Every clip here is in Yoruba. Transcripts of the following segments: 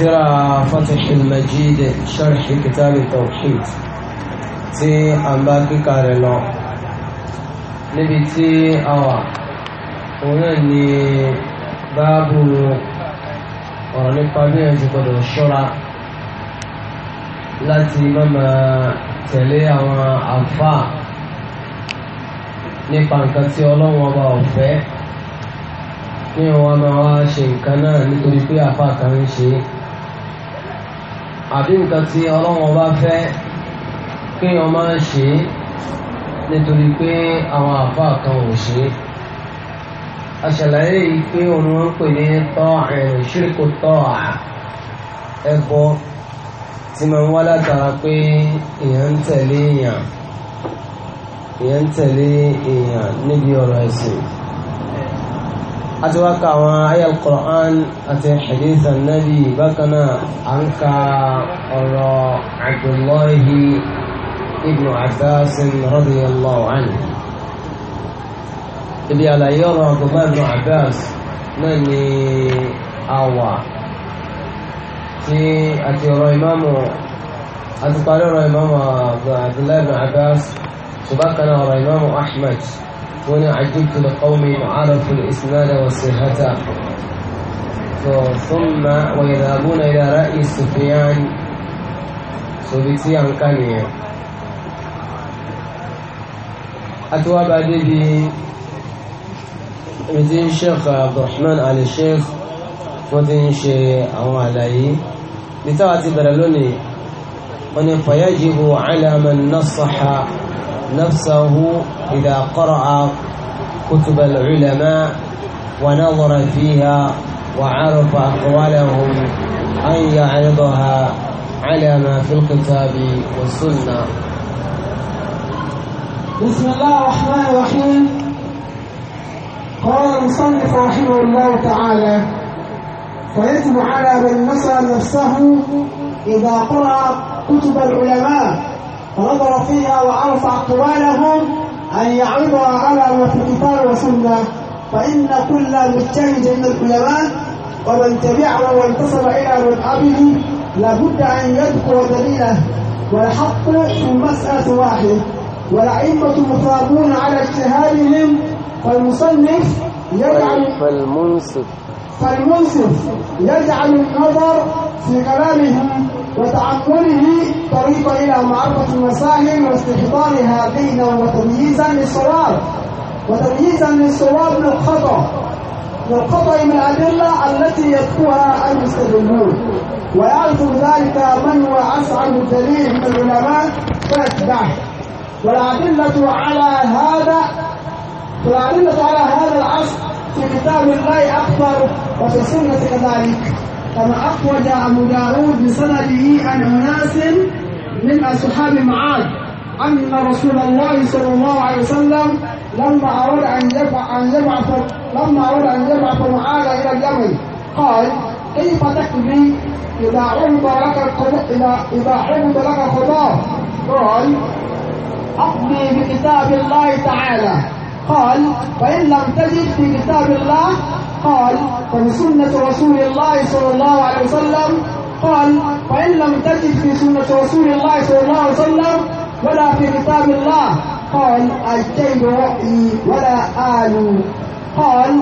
ترى فتح المجيد شرح كتاب التوحيد تي أمباكي كارلو نبي تي أوا ونني باب ورني قابل تقول الشرع láti mọ́mọ́ تلي àwọn àfáà nípa nǹkan tí ọlọ́run ọba ọ̀fẹ́ ní ọwọ́ máa wá ṣe nǹkan náà nítorí pé àfa kan ń ṣe àbí nǹkan tí ọlọ́run ọba fẹ́ kí máa ṣe nítorí pé àwọn àfa kan ò ṣe aṣàlàyé yìí pé òun ń pè ní tọ́ ẹ̀rìn ṣírkù tọ́ ẹ̀bọ tí máa ń wá látara pé èèyàn ń tẹ̀lé èèyàn èèyàn ń tẹ̀lé èèyàn níbi ọ̀rọ̀ ẹ̀sìn àti wá ka àwọn ayé Al-Qur'an àti hadith Annabi bákan náà à ń ka ọ̀rọ̀ Abdullahi ibn Abbas radiyallahu anhu ibi àlàyé ọ̀rọ̀ Abdullahi ibn Abbas náà ni àwà tí àti ọ̀rọ̀ ìmáàmù àti parí ọ̀rọ̀ ìmáàmù Abdullahi Abbas. وبقى نهر الإمام أحمد هنا عجبت لقوم عرفوا الإسناد والصحة ثم ويذهبون إلى رأي سفيان سوفيتيان كان أتوا بعد مدين الشيخ عبد الرحمن على الشيخ مدين شيء أو علي لتواتي برلوني ونفيجب على من نصح نفسه إذا قرأ كتب العلماء ونظر فيها وعرف أقوالهم أن يعرضها على ما في الكتاب والسنة بسم الله الرحمن الرحيم قال المصنف رحمه الله تعالى فيجب على من نسى نفسه إذا قرأ كتب العلماء ونظر فيها وعرف اقوالهم أن يعرضها على ما في الكتاب والسنة فإن كل مجتهد من العلماء ومن تبعه وانتصب إلى مذهبه لابد أن يذكر دليله والحق في المسألة واحد والأئمة مطلبون على اجتهادهم فالمصنف يجعل فالمنصف فالمنصف يجعل النظر في كلامهم وتعمله طريق إلى معرفة المسائل واستحضارها بينا وتمييزا للصواب وتمييزا للصواب والخطأ من الأدلة التي يتلوها المستدلون ويعرف ذلك من هو أسعد الدليل من العلماء فيتبعه والأدلة على هذا والأدلة على هذا العصر في كتاب الله أكثر وفي السنة كذلك كما أخرج أبو داود بسنده عن أناس من أصحاب معاذ أن رسول الله صلى الله عليه وسلم لما أراد أن أن يبعث لما أراد أن يبعث معاذ إلى اليمن قال كيف تكفي إذا عرض لك إذا إذا عرض لك خطاه قال أقضي بكتاب الله تعالى قال فإن لم تجد في كتاب الله قال فبسنة رسول الله صلى الله عليه وسلم قال فإن لم تجد في سنة رسول الله صلى الله عليه وسلم ولا في كتاب الله قال الجيد رأيي ولا آل قال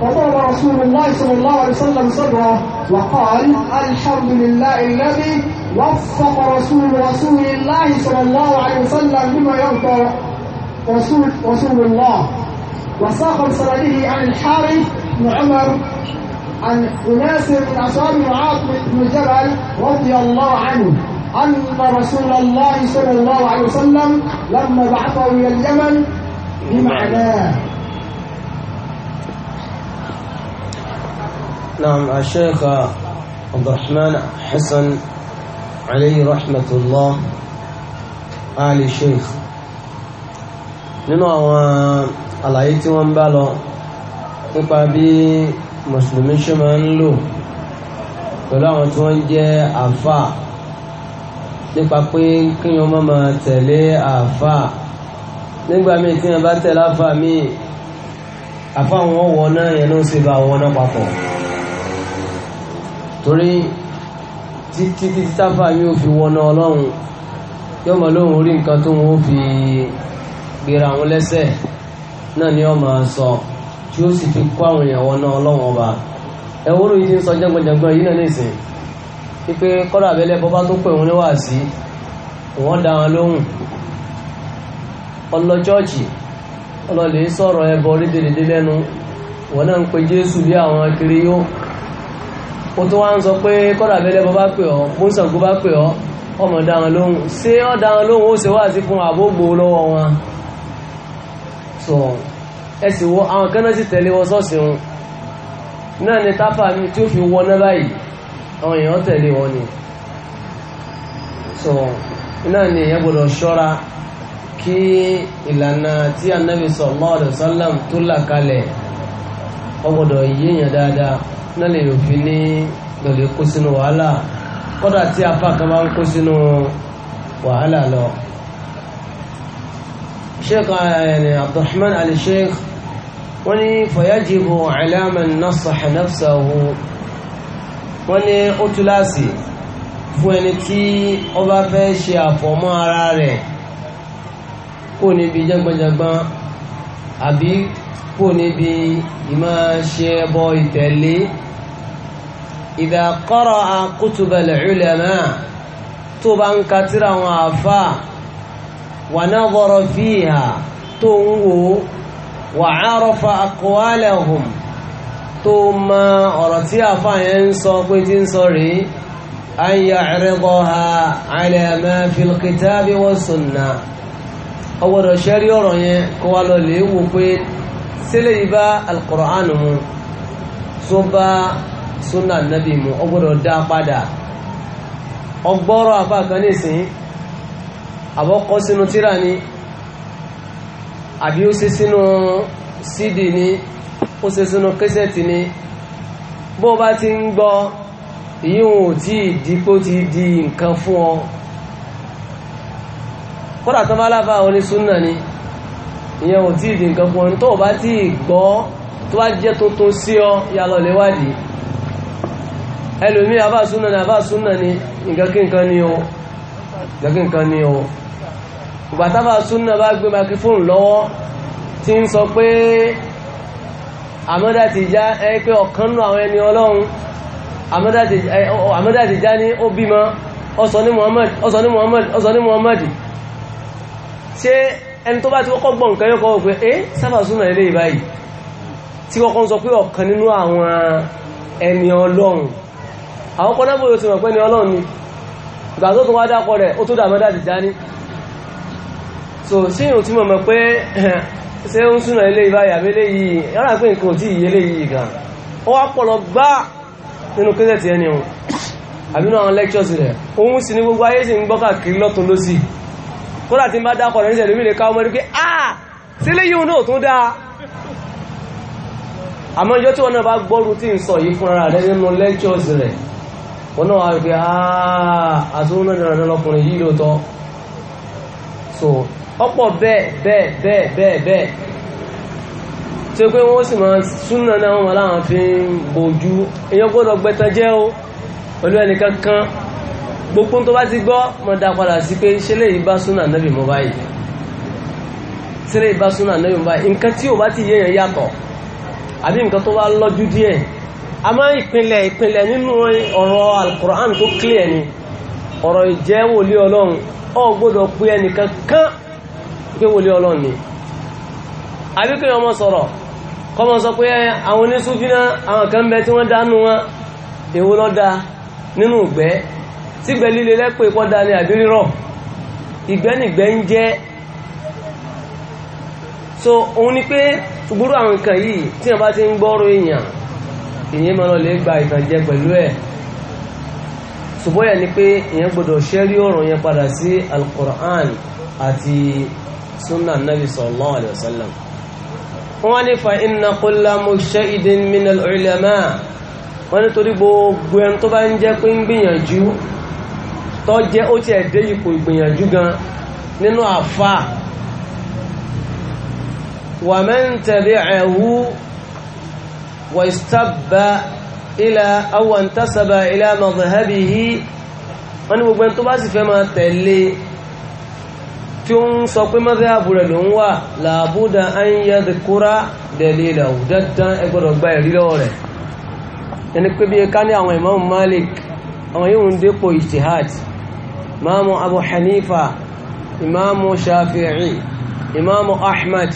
فضرب رسول الله صلى الله عليه وسلم صدره وقال الحمد لله الذي وفق رسول رسول الله صلى الله عليه وسلم بما يرضى رسول رسول الله وساق بسنده عن الحارث بن عمر عن أناس من أصحاب معاذ بن جبل رضي الله عنه أن رسول الله صلى الله عليه وسلم لما بعثه إلى اليمن بمعناه نعم الشيخ عبد الرحمن حسن عليه رحمة الله آل الشيخ nínú آه، على ايتي tí nípa bí mùsùlùmí ṣe máa ń lò pẹ̀lú àwọn tí wọ́n jẹ́ àfà nípa pé kíyàn má máa tẹ̀lé àfà nígbà míì kíyàn bá tẹ̀lé àfà míì àfà wọn wọ náà yẹn ló ń ṣe bá wọn náà papọ̀ torí títí títí táfà mi ò fi wọná ọlọ́run yóò mọ lóhun orí nǹkan tó wọn fi gbéra àwọn lẹ́sẹ̀ náà ni ó máa sọ. So tí ó sì fi kó àwọn èèyàn wọn náà ọlọ́wọ́n ọba ẹ̀wọ́n yìí ti ń sọ jẹ́gbọ̀jẹ̀gbọ̀n yìí náà nìsín wípé kọ́dà abẹ́lẹ́ bọ́bá tó pè wọ́n ní wàásí wọ́n dá wọn lóhùn ọlọ chọ́ọ̀chì ọlọ́lẹ̀ sọ̀rọ̀ ẹbọ rídìrídì lẹ́nu wọ́n náà ń pe Jésù bí àwọn kiri yó o tó wá ń sọ pé kọ́dà abẹ́lẹ́ bọ́bá pè ọ́ bóńsàngó bá pè ọ́ ọmọ ẹsì wọ àwọn kan náà sì tẹ̀lé wọn sọ́ọ̀sì wọn náà ni táfà mi tí ó fi wọ náà báyìí àwọn èèyàn tẹ̀lé wọn ni so náà ni èèyàn gbọdọ̀ ṣọ́ra kí ìlànà tí anabi sallallahu alaihi wasallam tó là kalẹ̀ ọgbọ̀dọ̀ yíyàn dáadáa náà lè fi ní lọ́lẹ̀ kó sínú wàhálà kọ́dà tí apá kan máa ń kó sínú wàhálà lọ. Sheikh eh, Abdulrahman Ali Sheikh wọ́n ní fọ̀yájìbò àìlàmà nasaha nafsahu wọ́n ní ó túláàsì fún ẹni tí ó bá fẹ́ ṣe àfọ̀mọ́ ara rẹ̀ kó níbi jẹ́gbọ́njẹ́gbọ́n àbí kó níbi ìmọ̀ ṣe ẹbọ ìtẹ̀lé idha qara'a kutubal ulama tó bá ń ka tírà àwọn àfà wa nadhara fiha tó ń wò ó wà árafa aqwalahum tó ma ọ̀rọ̀ tí àfáàyẹ ń sọ pé tí ń sọ rí an ya'ridaha ala ma fil kitabi wa sunna ọgbọ̀dọ̀ ṣẹ́rí ọ̀rọ̀ yẹn kó wá lọ lè wò pé sílẹ̀ yìí bá mu tó bá sunna nabi mu ọgbọ̀dọ̀ dá padà ọgbọ́rọ̀ àfáà kan nísìn àbọ́kọ́ sínú tíra ni àbí ó ṣe sínú cd ni ó ṣe sínú kẹsẹ̀tì ni bó bá ti ń gbọ́ ìyíhun ò tí ì di pé ó ti di nǹkan fún ọ kódà tó bá láfa onísúnà ni ìyẹn ò tí ì di nǹkan fún ọ tó o bá tí ì tó bá jẹ́ tuntun sí ọ yà lọ léwádìí ẹlòmíì abáṣúnà ni abáṣúnà ni nǹkan kí nǹkan ni o nǹkan kí nǹkan ni o ìgbàtàbà súnà bá gbé microphone lọ́wọ́ tí ń sọ pé Ahmada Tijani ẹ pé ọ̀kan nù àwọn ẹni ọlọ́run Ahmada Tijani ó bímọ ó sọ ní Muhammad ó ní Muhammad ó ní Muhammad ṣé ẹni tó bá ti kọ́kọ́ gbọ́ nǹkan yóò kọ́ pé ẹ sábà súnà ilé ìbáyìí tí kọ́kọ́ ń sọ pé ọ̀kan nínú àwọn ẹni ọlọ́run àwọn kọ́nà ni so ṣé ìrùn tí mo mọ̀ pé ṣé ń súnà ilé ìbáyà abẹ́lé yìí yára pé nǹkan tí ìyé lè yìí gan ó wá pọ̀lọ̀ gbá nínú kẹ́sẹ̀tì ẹni o àbínú àwọn lectures rẹ̀ òun sì ní gbogbo ayé sì ń gbọ́ káàkiri lọ́tún lọ́sì kódà tí ń bá dákọ̀ rẹ̀ níṣẹ̀lú mi lè ká ọmọ rí pé ah sí lè yíò náà tún dáa àmọ́ ìjọ tí náà wá rí pé ah àtúnú náà lọ́kùnrin yìí lóòótọ́ so ọ̀pọ̀ bẹ́ẹ̀ bẹ́ẹ̀ bẹ́ẹ̀ bẹ́ẹ̀ bẹ́ẹ̀ tí ó pé wọ́n sì máa súnà náà wọn láwọn fi ń bojú èyàn gbọ́dọ̀ gbẹ̀tàn jẹ́ o pẹ̀lú ẹnìkan kan gbogbo tó bá ti gbọ́ mọ̀ dá padà sí pé ṣé lè bá súnà nẹ́bì mọ́ báyìí ṣé lè bá súnà nẹ́bì mọ́ báyìí nǹkan tí o bá ti yéèyàn yàtọ̀ àbí nǹkan tó bá lọ́jú díẹ̀ àmọ́ ìpínlẹ̀ ìpínlẹ̀ nínú ọ̀rọ̀ alukur'an tó clear ni ọ̀rọ̀ ìjẹ́wò lé ọlọ́run ò gbọ́dọ̀ pé ẹnìkan kan pé wòlé ọlọ́run ni àbí kí ọmọ sọ̀rọ̀ kọmọ sọ pé àwọn oníṣúfínà àwọn kan bẹ tí wọ́n dánú wọn èwo ló dá nínú ìgbẹ́ tí ìgbẹ́ líle lẹ́pẹ́ ìpọ́ da ni àbí rírọ̀ ìgbẹ́ nìgbẹ́ ń jẹ́ so òun ni pé gbúrú àwọn nǹkan yìí tí wọ́n bá ti ń gbọ́rọ̀ èèyàn èèyàn máa lọ lè gba ìtànjẹ pẹ̀lú ẹ̀ ṣùgbọ́n yẹn ni pé èèyàn gbọ́dọ̀ ṣẹ́rí ọ̀rọ̀ yẹn padà sí al-Qur'an àti súnà nàbì sallallahu alayhi wa sallam wọ́n ní fa inna kulla mujtahidin minal ulama wọ́n nítorí gbogbo ẹni tó bá ń jẹ́ pé ń gbìyànjú tó jẹ́ ó ti ẹ̀dẹ́ ipò ìgbìyànjú gan nínú àfà wa man tabi'ahu wa istabba ila aw intasaba ila madhhabihi wọ́n ní gbogbo ẹni tó bá sì fẹ́ máa tẹ̀lé tí ó ń sọ pé mọ́sáàbù rẹ̀ ló ń wà làbúdà an yadhkura dalilahu dandan ẹgbọ́dọ̀ gba ẹ̀rí lọ́wọ́ rẹ̀ ẹni pé bí i ká ní àwọn Imam Malik àwọn yóò ń dépò ijtihad imamu Abu Hanifa imamu Shafi'i imamu Ahmad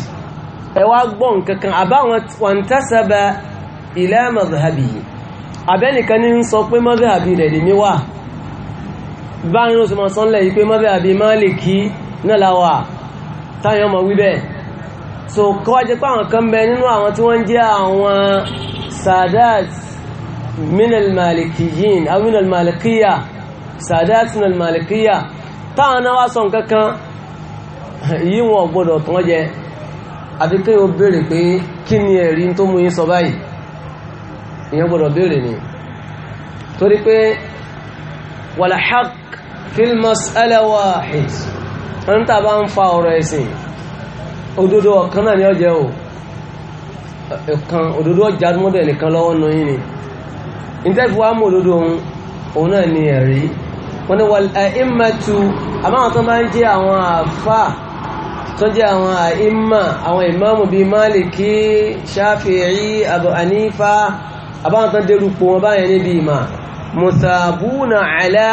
ẹ wá gbọ́ nkankan àbáwọn wantasaba ila madhhabi abẹ́nìkan ní ń sọ pé madhhabi rẹ̀ lè mi wà báyìí ó sì mọ̀ sọ́nlẹ̀ yìí pé madhhabi Maliki náà láwà táyọ̀ mọ̀ wí so kọ́wá jẹ́ pé àwọn kan bẹ nínú àwọn tí wọ́n jẹ́ àwọn sadat minal malikiyin aw minal malikiya sadat minal malikiya táwọn náà wá sọ nǹkan kan yìí wọn gbọ́dọ̀ tán jẹ àti kí o béèrè pé kí ni ẹ̀rí tó mú yín sọ báyìí ìyẹn gbọ́dọ̀ béèrè ni torí pé wal haqq ń tà bá ń fa ọ̀rọ̀ ẹ̀sìn òdodo ọ̀kan náà ni ọ jẹ́ o ẹ̀kan òdodo ọjà mọ́dẹ̀ nìkan lọ́wọ́ nù yín ni ìtẹ́fù wa mú òdodo òun òun náà ni ẹ̀rí wọ́n ni wal a'immatu àbáwọn tó bá ń jẹ́ àwọn àfà tó jẹ́ àwọn àìmà àwọn ìmáàmù bíi àbáwọn tó dérúpọ̀ wọn báyẹn níbi ìmà ala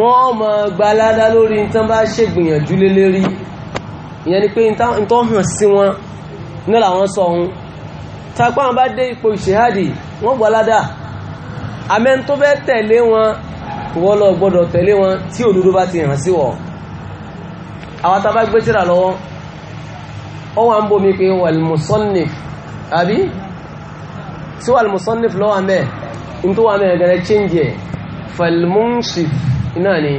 wọ́n mọ̀ gbalada lórí tán bá ṣègbìyànjú lé lérí ìyẹn ni pé tó hàn sí wọn ní làwọn sọ ohun tapá wọn bá dé ipò ìṣèhádìí wọ́n gbalada amẹ́ni tó fẹ́ tẹ̀lé wọn wọ́n lọ gbọ́dọ̀ tẹ̀lé wọn tí òdodo bá ti hàn sí wọ̀ àwọn tá a bá gbé tíra lọ́wọ́ ó wà ń bomi pé wàlmùsọ́nìf àbí sí wàlmùsọ́nìf lọ́wọ́ àmẹ́ ní tó wà mẹ́rin gẹ́rẹ́ chíńjì ẹ̀ iná ni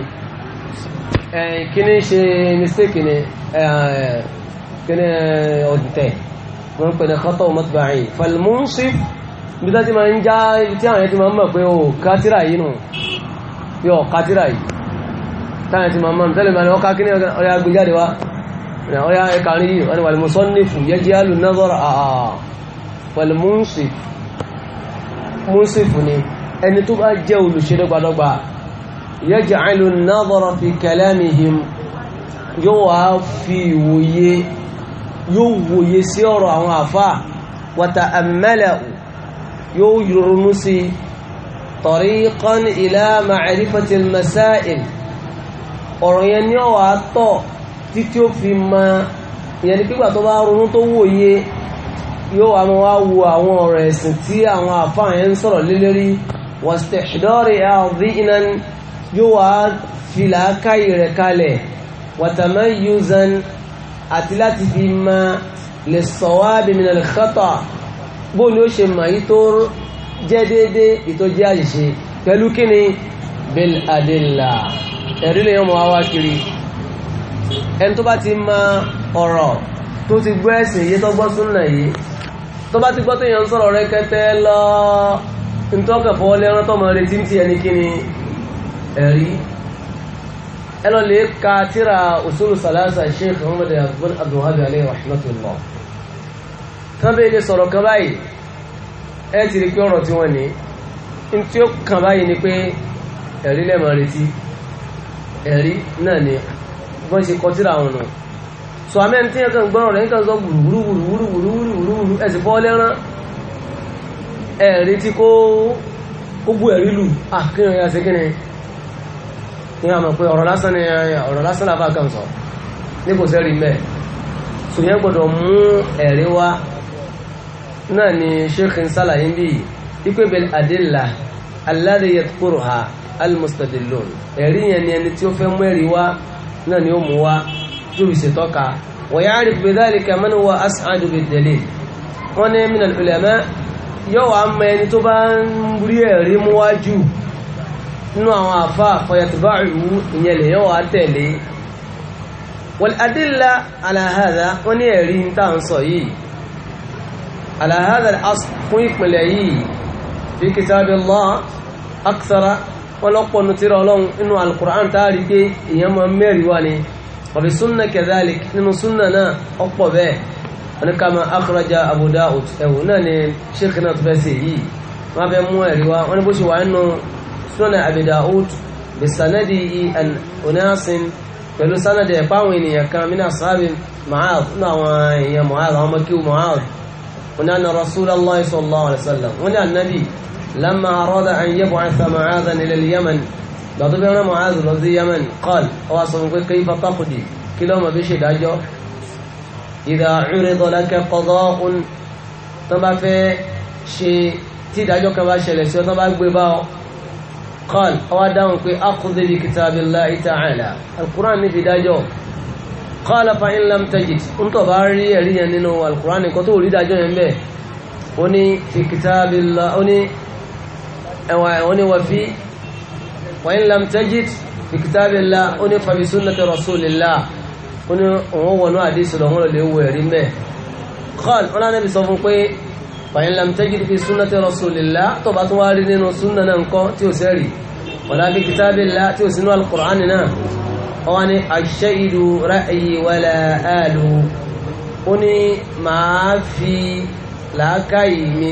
kíní ṣe mistake ni kíní ọ̀dìtẹ̀ wọ́n pè ní kọ́tọ̀ mọ́tìbáyì falmúnsif bí tá ti máa ń já ibi tí àwọn ẹ̀ ti máa ń mọ̀ pé o oh, kátírà yìí nù yọ oh, kátírà yìí táwọn ẹ̀ ti máa ń mọ̀ ẹni tó bá jẹ́ olùṣẹ́dọ́gbàdọ́gbà yaj'alu an-nadhara fi kalamihim yóò wá fi ìwòye yóò wòye sí ọ̀rọ̀ àwọn àfá wa ta'ammala yóò yọrùnú sí tariqan ila ma'rifati al-masail ọ̀rọ̀ yẹn ní ọ̀wà tọ̀ títí ó fi ma ìyẹn ni pígbà tó bá ronú tó wòye yóò wá mọ́ wá wo àwọn ọ̀rọ̀ ẹ̀sìn tí àwọn àfáà yẹn ń sọ̀rọ̀ lélẹ́rí wastihdaari àdínan yóò wá fìlà káyì rẹ̀ kalẹ̀ wàtàmá yuzan àti láti fi ma lè sọ̀wá bìmìnà lè kọ́tà bó ni ó ṣe mà yí tó jẹ́ déédéé ìtọ́jẹ́ àṣìṣe pẹ̀lú kíni bil adilla ẹ̀rí lè yọmọ wá kiri ẹni tó bá ti ma ọ̀rọ̀ tó ti gbọ́ ẹ̀sìn yìí tó gbọ́ súnà yìí tó bá ti gbọ́ tó yàn ń sọ̀rọ̀ rẹ̀ kẹtẹ́ lọ ntọ́kẹ̀fọ́ lẹ́rán tó mọ̀ retí ti ẹni kíni ẹ̀rí ẹlọ lè ka tíra òṣèlú sàlásà sheikh muhammad abdulhadi alayhi rahmatullah tán bẹ́ẹ̀ lè sọ̀rọ̀ kan báyìí ẹ ti rí pé ọ̀rọ̀ tí wọ́n ní n tí ó kàn báyìí ni pé ẹ̀rí lẹ́mọ̀ retí ẹ̀rí náà ni wọ́n ṣe kọ tíra àwọn sọ amẹ́ni tí yẹn kan gbọ́rọ̀ rẹ̀ nǹkan sọ wùrúwùrúwùrúwùrúwùrú ẹ̀sìn bọ́ lẹ́rán ẹ̀rí tí kó gbogbo ẹ̀rí lù àkínyàn yà sí kíni ní àmọ̀ pé ọ̀rọ̀ lásán ni ọ̀rọ̀ lásán làbá kan sọ ní kò sẹ́rí mẹ́ ṣùgbọ́n gbọ́dọ̀ mú ẹ̀rí wá náà ni sheikh ń sálàyé bí ipe bẹ̀rẹ̀ adilla alladhi yadhkuruha almustadillun ẹ̀rí yẹn ni ẹni tí ó fẹ́ mú ẹ̀rí wá náà ni ó mú wá tó fi ṣètọ́ka wa ya'rif bidhalika man huwa as'adu bid-dalil wọ́n ní min al-ulama yóò ẹni tó bá ń rí ẹ̀rí mú wájú nínú àwọn àfá àfọyàtìbá ìwú ìyẹn lè yọ́ wà tẹ̀lé wal adilla ala hadha wọ́n ní ẹ̀rí ń tàn sọ yìí ala hadha fún ìpìlẹ̀ yìí fi kitabillah akthara wọ́n lọ́pọ̀ nù tíra ọlọ́run nínú al-Qur'an táàrí pé ìyẹn máa mẹ́rin wà ní wàbí súnà kadhalik nínú súnà náà ọ̀pọ̀ bẹ́ẹ̀ wọ́n ní ká máa akhraja Abu ni bó ṣe wà nínú sunan abi dawud bi sanadihi an unasin pẹ̀lú sanadi ẹ̀pá àwọn ènìyàn kan mina sahabi mu'ad nínú àwọn èèyàn mu'ad àwọn ọmọ kíw mu'ad wọn náà rasulallah sallallahu alaihi wasallam wọn náà nabi lamma arada an yab'atha mu'adhan ila al-yaman gbàtọ́ bí wọn mu'ad lọ sí yaman qal ọwọ́ sọ pé kayfa taqdi kí lọ́mọ bí ṣe dájọ́ ìdá tó bá fẹ́ ṣe tí ìdájọ́ kan ṣẹlẹ̀ sí ọ tó bá gbé bá ọ قال أوادام في أخذ بكتاب الله تعالى القرآن في داجو قال فإن لم تجد أنت باري أليا نينو القرآن كتو لي داجو ينبه وني في كتاب الله وني وني وفي وإن لم تجد في كتاب الله وني فبسنة رسول الله وني هو نوع ديس لهم لو قال أنا نبي صفن fàyín lamtẹ́jì fi súnnàtí rasulillah tó bá tún wá rí nínú súnnà náà kọ́ tí ó sẹ́rì wàlá fi kitabillah tí ó sínú alkùránì náà wọ́n ni àṣẹ ìlú ra'ayi wala alu ó ní máa fi làákàyè mi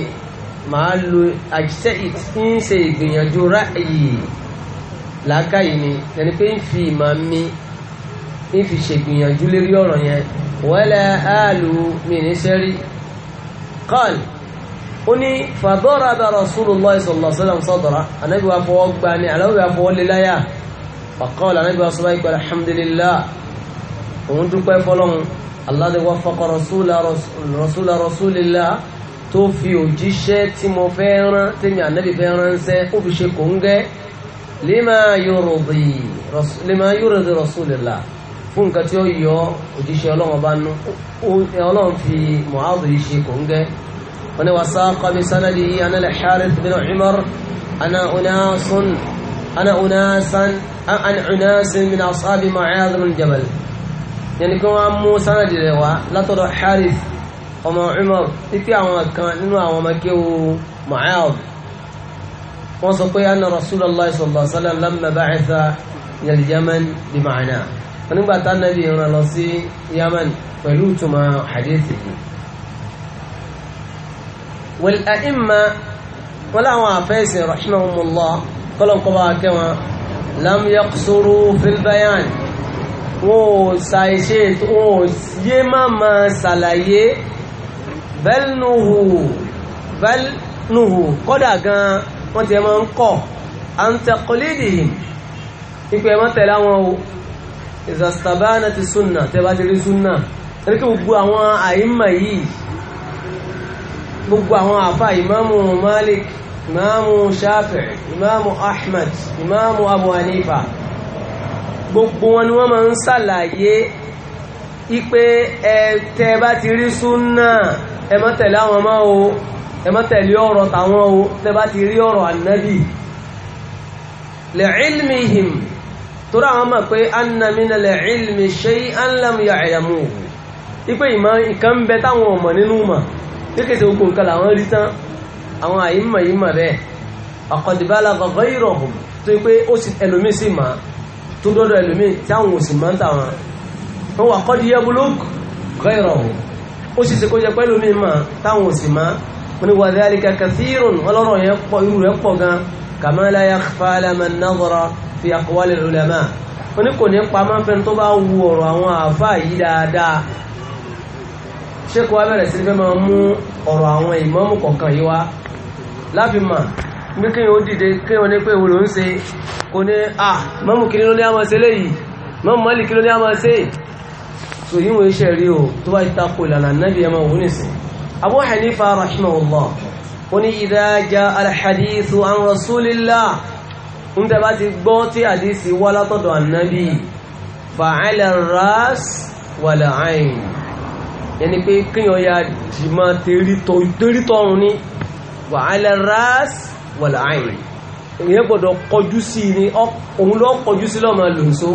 máa lo àṣẹ ìtún ṣe ìgbìyànjú ra'ayi làákàyè mi ẹni pé ń fi ìmọ̀ mi ń fi ṣègbìyànjú lérí ọ̀rọ̀ yẹn wala alu mi ní sẹ́rí kọ́ọ̀lù ó ní fadaraba Rasulullah sallallahu alaihi wasallam sadra anábì wa fọwọ́ gba ni aláwọ̀ wa fọwọ́ lé láyà faqala anábì wa sọ́bà ìgbà alhamdulillah òun dúpẹ́ fọlọ́hun alladhi wafaqa rasula rasulillah tó fi òjíṣẹ́ tí mo fẹ́ rán tèmi anábì fẹ́ ránṣẹ́ ó fi ṣe kò ń gẹ́ lima yurdi lima yurdi rasulillah fún nǹkan tí ó yọ òjíṣẹ́ ọlọ́run هنا وساق بسنده أنا الحارث بن عمر أنا أناس أنا أناسا عن أناس من أصحاب معاذ بن جبل يعني كما مو سند لوا لا ترى حارث وما عمر في أعوان كان إنه أعوان كيو معاذ وصفي أن رسول الله صلى الله عليه وسلم لما بعث إلى اليمن بمعنى فنبقى النبي هنا لصي يمن فلوتما حديثه wal a'imma wọ́n láwọn àfẹ́sì rahimahumullah kọ́lọ̀kọ́bà kẹwọn lam yaqsuru fil bayan wọ́n ò ṣàìṣe wọ́n ò yé máa ma ṣàlàyé bẹ́lnuhu bẹ́lnuhu kọ́dà gan wọ́n ti ẹmọ́ ń kọ́ àǹtẹ̀kọ́lídì ipò ẹmọ́ tẹ̀lé àwọn ìzàstàbánà ti súnà tẹ́bá ti rí súnà gbogbo àwọn àfà ìmáàmù Malik ìmáàmù Shafi'i ìmáàmù Ahmad ìmáàmù Abu Hanifa gbogbo wọn ni wọ́n máa ń sàlàyé ipe ẹ̀tẹ́ bá ti rí súnà ẹ má tẹ̀lé àwọn ọmọ o ẹ má tẹ̀lé ọ̀rọ̀ tàwọn o tẹ́ bá ti rí ọ̀rọ̀ ànábì li'ilmihim torí àwọn mọ̀ pé anna mina li'ilmi shay'an lam ya'lamuhu ipe ìmọ̀ ìkan bẹ táwọn ọmọ nínú mọ̀ kékèsè gbogbo nǹkan làwọn rí tán àwọn àyímọ̀ yìí mọ̀ bẹ́ẹ̀ ọ̀kọ̀dìbálà gọ̀gọ́ ìrọ̀hùn tó yí pé ó sì ẹlòmí sì mà tó dọ́dọ̀ ẹlòmí tí àwọn òsì máa ń tà wọn wọn wà kọ́ di yẹ́bulóg gọ́ ìrọ̀hùn ó sì ṣe kó jẹ pé ẹlòmí mà táwọn òsì mà wọn ni wàdí àríkà kàfírùn ọlọ́rọ̀ yẹn pọ̀ irú rẹ̀ pọ̀ gan kàmáàlá ya ṣékò wa bẹ̀rẹ̀ sí fẹ́ máa mú ọ̀rọ̀ àwọn ìmáàmù kọ̀ọ̀kan yìí wá láfi mà ní kí o dìde kí o ní pé ìwòlò ń ṣe kò ní à mọ́mù kí ló ní a máa ṣe léyìí mọ́mù mọ́lì kí ló ní a máa ṣe so yíò wọ́n iṣẹ́ rí o tó bá tako ìlànà nábì ẹ̀ máa wù ní sí Abu Hanifa rahimahullah ó ní idha jaa al an rasulillah ń tẹ́ bá ti gbọ́ tí àdísì wá látọ̀dọ̀ ànábì fa'ala ras wal yẹni pé kíyàn ya jìmọ́ tẹ́rítọ́rùn ní wà alẹ́rás wà láàrin èyàn gbọ́dọ̀ kọjú sí ní òun lọ kọjú sí lọ́mọ lòsó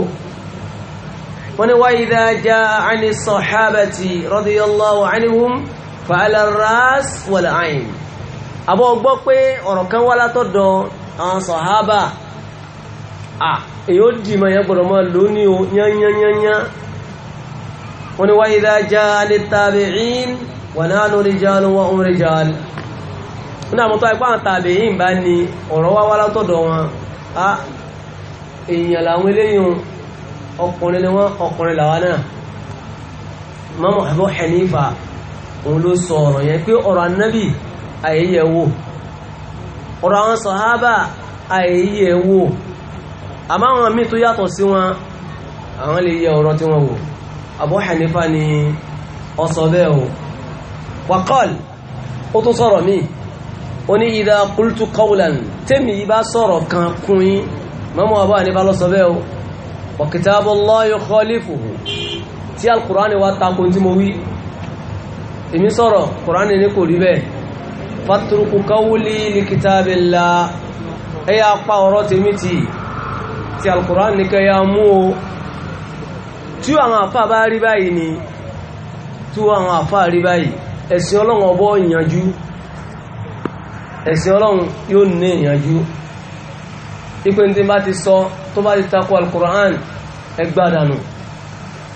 wọ́n ni wá ìdá àní sọ̀hábàtì radiyallahu anhum fà alẹ́rás wà láàrin àbọ̀ gbọ́ pé ọ̀rọ̀ kan wá látọ̀dọ̀ àwọn sọ̀hábà à èyàn dìmọ̀ yẹn gbọ́dọ̀ mọ́ wọ́n ni wáyé dá já lè tàbí'ín wà nánú ríjálù wọ́n ń ríjálù nínú àwọn tó ẹgbà àwọn tàbí'ín bá ní ọ̀rọ̀ wá wá látọ̀dọ̀ wọn a èèyàn làwọn eléyìn ọkùnrin ni wọ́n ọkùnrin làwa náà mọ́mọ́ Abu Hanifa òun ló sọ ọ̀rọ̀ yẹn pé ọ̀rọ̀ anábì àyẹ̀yẹ̀wò ọ̀rọ̀ àwọn sàhábà àyẹ̀yẹ̀wò àmáwọn míì tó yàtọ̀ sí wọn àwọn lè yẹ ọ̀rọ̀ tí wọ́n wò Abu Hanifa ni ó sọ bẹ́ẹ̀ o waqal ó tún sọ̀rọ̀ míì ó ní idha qultu qawlan tẹ́mi yìí bá sọ̀rọ̀ kan kún yín mọ́mọ́ Abu Hanifa ló sọ bẹ́ẹ̀ o wa kitabullahi khalifuhu tí al-Qur'ani wá tí mo wí èmi sọ̀rọ̀ Qur'ani ní kò rí bẹ́ẹ̀ fatruku qawli li kitabillah ẹ̀yà apá ọ̀rọ̀ tèmi tì tí al-Qur'ani kẹ́yà mú o tí àwọn àfà bá rí báyìí ni tí àwọn àfà rí báyìí ẹ̀sìn ọlọ́run ọbọ̀ ìyànjú ẹ̀sìn ọlọ́run yóò ní ìyànjú ipé ní tí bá ti sọ tó bá ti takò alukur'an ẹgbàdànù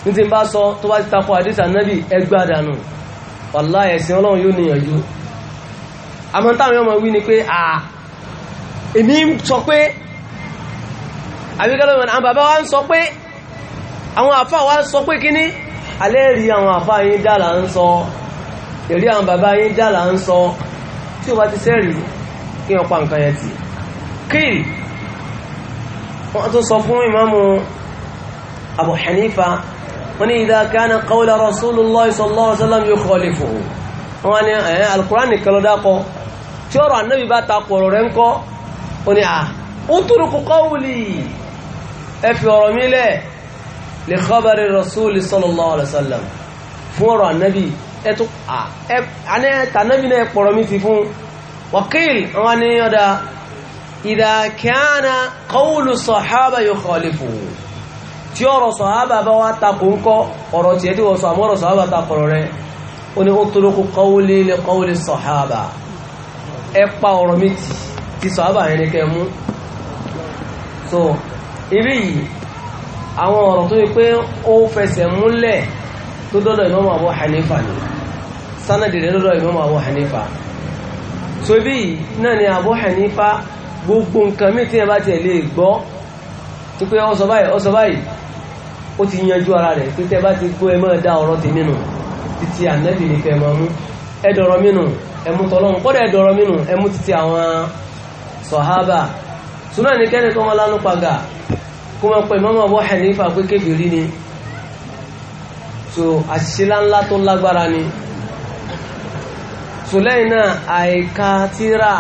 ní tí bá sọ tó bá ti takò àdísà nábì ẹgbàdànù wàlá ẹ̀sìn ọlọ́run yóò ní ìyànjú àmọ́ táwọn ọmọ wí ni pé à èmi sọ pé àbíkẹ́lẹ́wọ̀n àwọn bàbá wa ń sọ pé àwọn àfà wá sọ pé kíní alẹ́rí àwọn àfà yín dàlà ń sọ èrí àwọn bàbá yín dàlà ń sọ tí ó bá ti sẹ́rì kí wọ́n pa nǹkan yẹn tì kí wọ́n tún sọ fún ìmáàmù Abu Hanifa wọ́n ní idha kana qawla Rasulullah ah, ẹ fi ọ̀rọ̀ mi lè khabari rasúlì sallallahu alaihi wasallam fún ọ̀rọ̀ ànábì ẹ̀tún ànábì náà pọ̀rọ̀ mi ti fún wakil wọn ni ọ̀dá idha kana qawlu sahaba yukhalifuhu tí ọ̀rọ̀ sọ̀hábà bá wá takò ń kọ́ ọ̀rọ̀ tí ẹ tí wọ́n sọ àmọ́rọ̀ sọ̀hábà takọ̀rọ̀ rẹ̀ ó ní ó tó lókù kọ́wólé lè kọ́wólé sọ̀hábà ẹ pa ọ̀rọ̀ mi ti sọ̀hábà yẹn ni kẹ́ mú so ibi àwọn ọ̀rọ̀ tó yẹ pé ó fẹsẹ̀ múlẹ̀ tó dọ́dọ̀ Imam Abu Hanifa ni sanadi rẹ̀ dọ́dọ̀ Imam Abu Hanifa so ibi náà ni Abu Hanifa gbogbo nǹkan mí tí ẹ bá tiẹ̀ lè gbọ́ tí pé ó sọ báyìí ó sọ báyìí ó ti yanjú ara rẹ̀ tí tẹ́ bá ti gbọ́ ẹ máa ọ̀rọ̀ tèmi nù títí ànábì ní kẹ́ máa mú ẹ dọ̀rọ̀ mí nù ẹ mú tọ́lọ́run kọ́dà títí àwọn sọ̀hábà súnà ní kẹ́ni tó wọn lánú pagà kó mọ́ pẹ̀lú ọmọ Abu Hanifa pé kébìrí ni so àṣìṣe láńlá tó lágbára ni so lẹ́yìn náà àìka tíra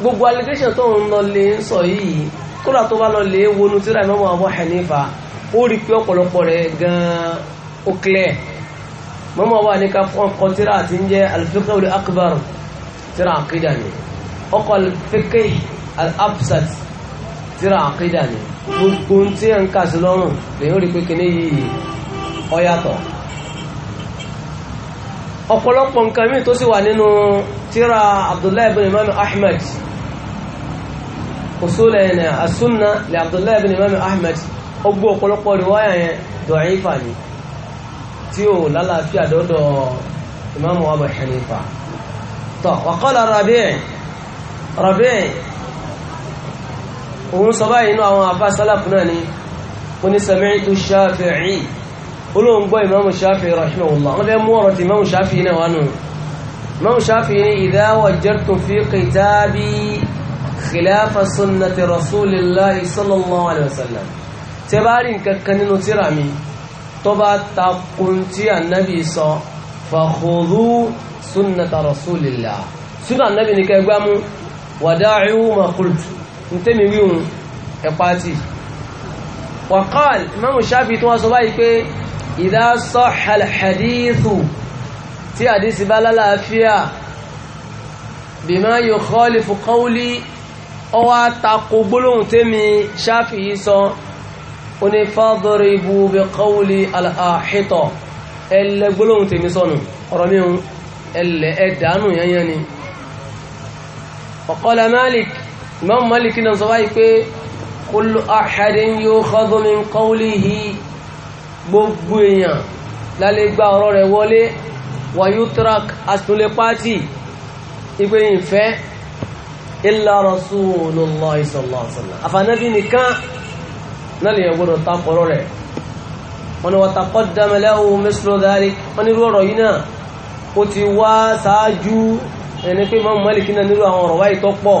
gbogbo allegation tó ń lọ lè ń sọ yìí kódà tó bá lọ lè wọnú tíra ìmọ̀mọ̀ Abu Hanifa ó rí pé ọ̀pọ̀lọpọ̀ rẹ̀ gan-an ó clear mọ́mọ́ wà ní fún ọkọ̀ tíra àti ń jẹ́ al-fiqh akbar tíra àkídà ni ọkọ̀ al-fiqh tíra àkídà ni gbogbo tí ẹ̀ ń kà sí lọ́rùn lèyìn ó rí pé kíní yìí ó yàtọ̀ ọ̀pọ̀lọpọ̀ nǹkan míì tó sì wà nínú tíra abdullahi bin imam ahmed usul ẹ̀nà asúnna lè abdullahi bin imam ahmed ó gbọ́ ọ̀pọ̀lọpọ̀ riwaya yẹn dọ̀ífà ni tí ó lálàáfíà dọ́dọ̀ imam abu hanifa tó wàkọ́lá rabi rabi òun sọ báyìí inú àwọn àfá sálàfù náà ni ó ní sami'tu Shafi'i olóhùn gbọ́ Imam Shafi'i rahimahullah wọ́n fẹ́ mú ọ̀rọ̀ ti Imam Shafi'i náà wá nù Imam Shafi'i ní idha wajjartu fi rí nǹkan kan nínú tíra mi tó bá takun tí ànábì ntẹ́mi wíhun ẹ̀pátì wàkọ́l Imam Shafi tó wá sọ báyìí pé idha sahha al-hadithu tí àdísì bá lálàáfíà bima yukhalifu qawli ọwá takò gbólóhùn tẹ́mi Shafi yìí sọ ó ní fadribu bi qawli al-ahita ẹlẹ gbólóhùn tẹ́mi sọnù ọ̀rọ̀ mìíràn ẹlẹ ẹ̀dánù yẹnyẹn ni wa Malik Imam Malik náà sọ báyìí pé kullu ahadin yukhadhu min qawlihi gbogbo èèyàn lálẹ́ gba ọ̀rọ̀ rẹ̀ wọlé wa yutrak asùnlé pátì ìpé ìfẹ́ illa Rasulullah sallallahu alaihi wasallam àfànàbí nìkan náà lè gbọ́dọ̀ takọ̀rọ̀ rẹ̀ wọ́n ni wa taqaddama lahu mislu dhalik wọ́n nírú ọ̀rọ̀ yìí náà ti wá ṣáájú ẹni pé Imam Malik náà nírú àwọn ọ̀rọ̀ wáyìí tó pọ̀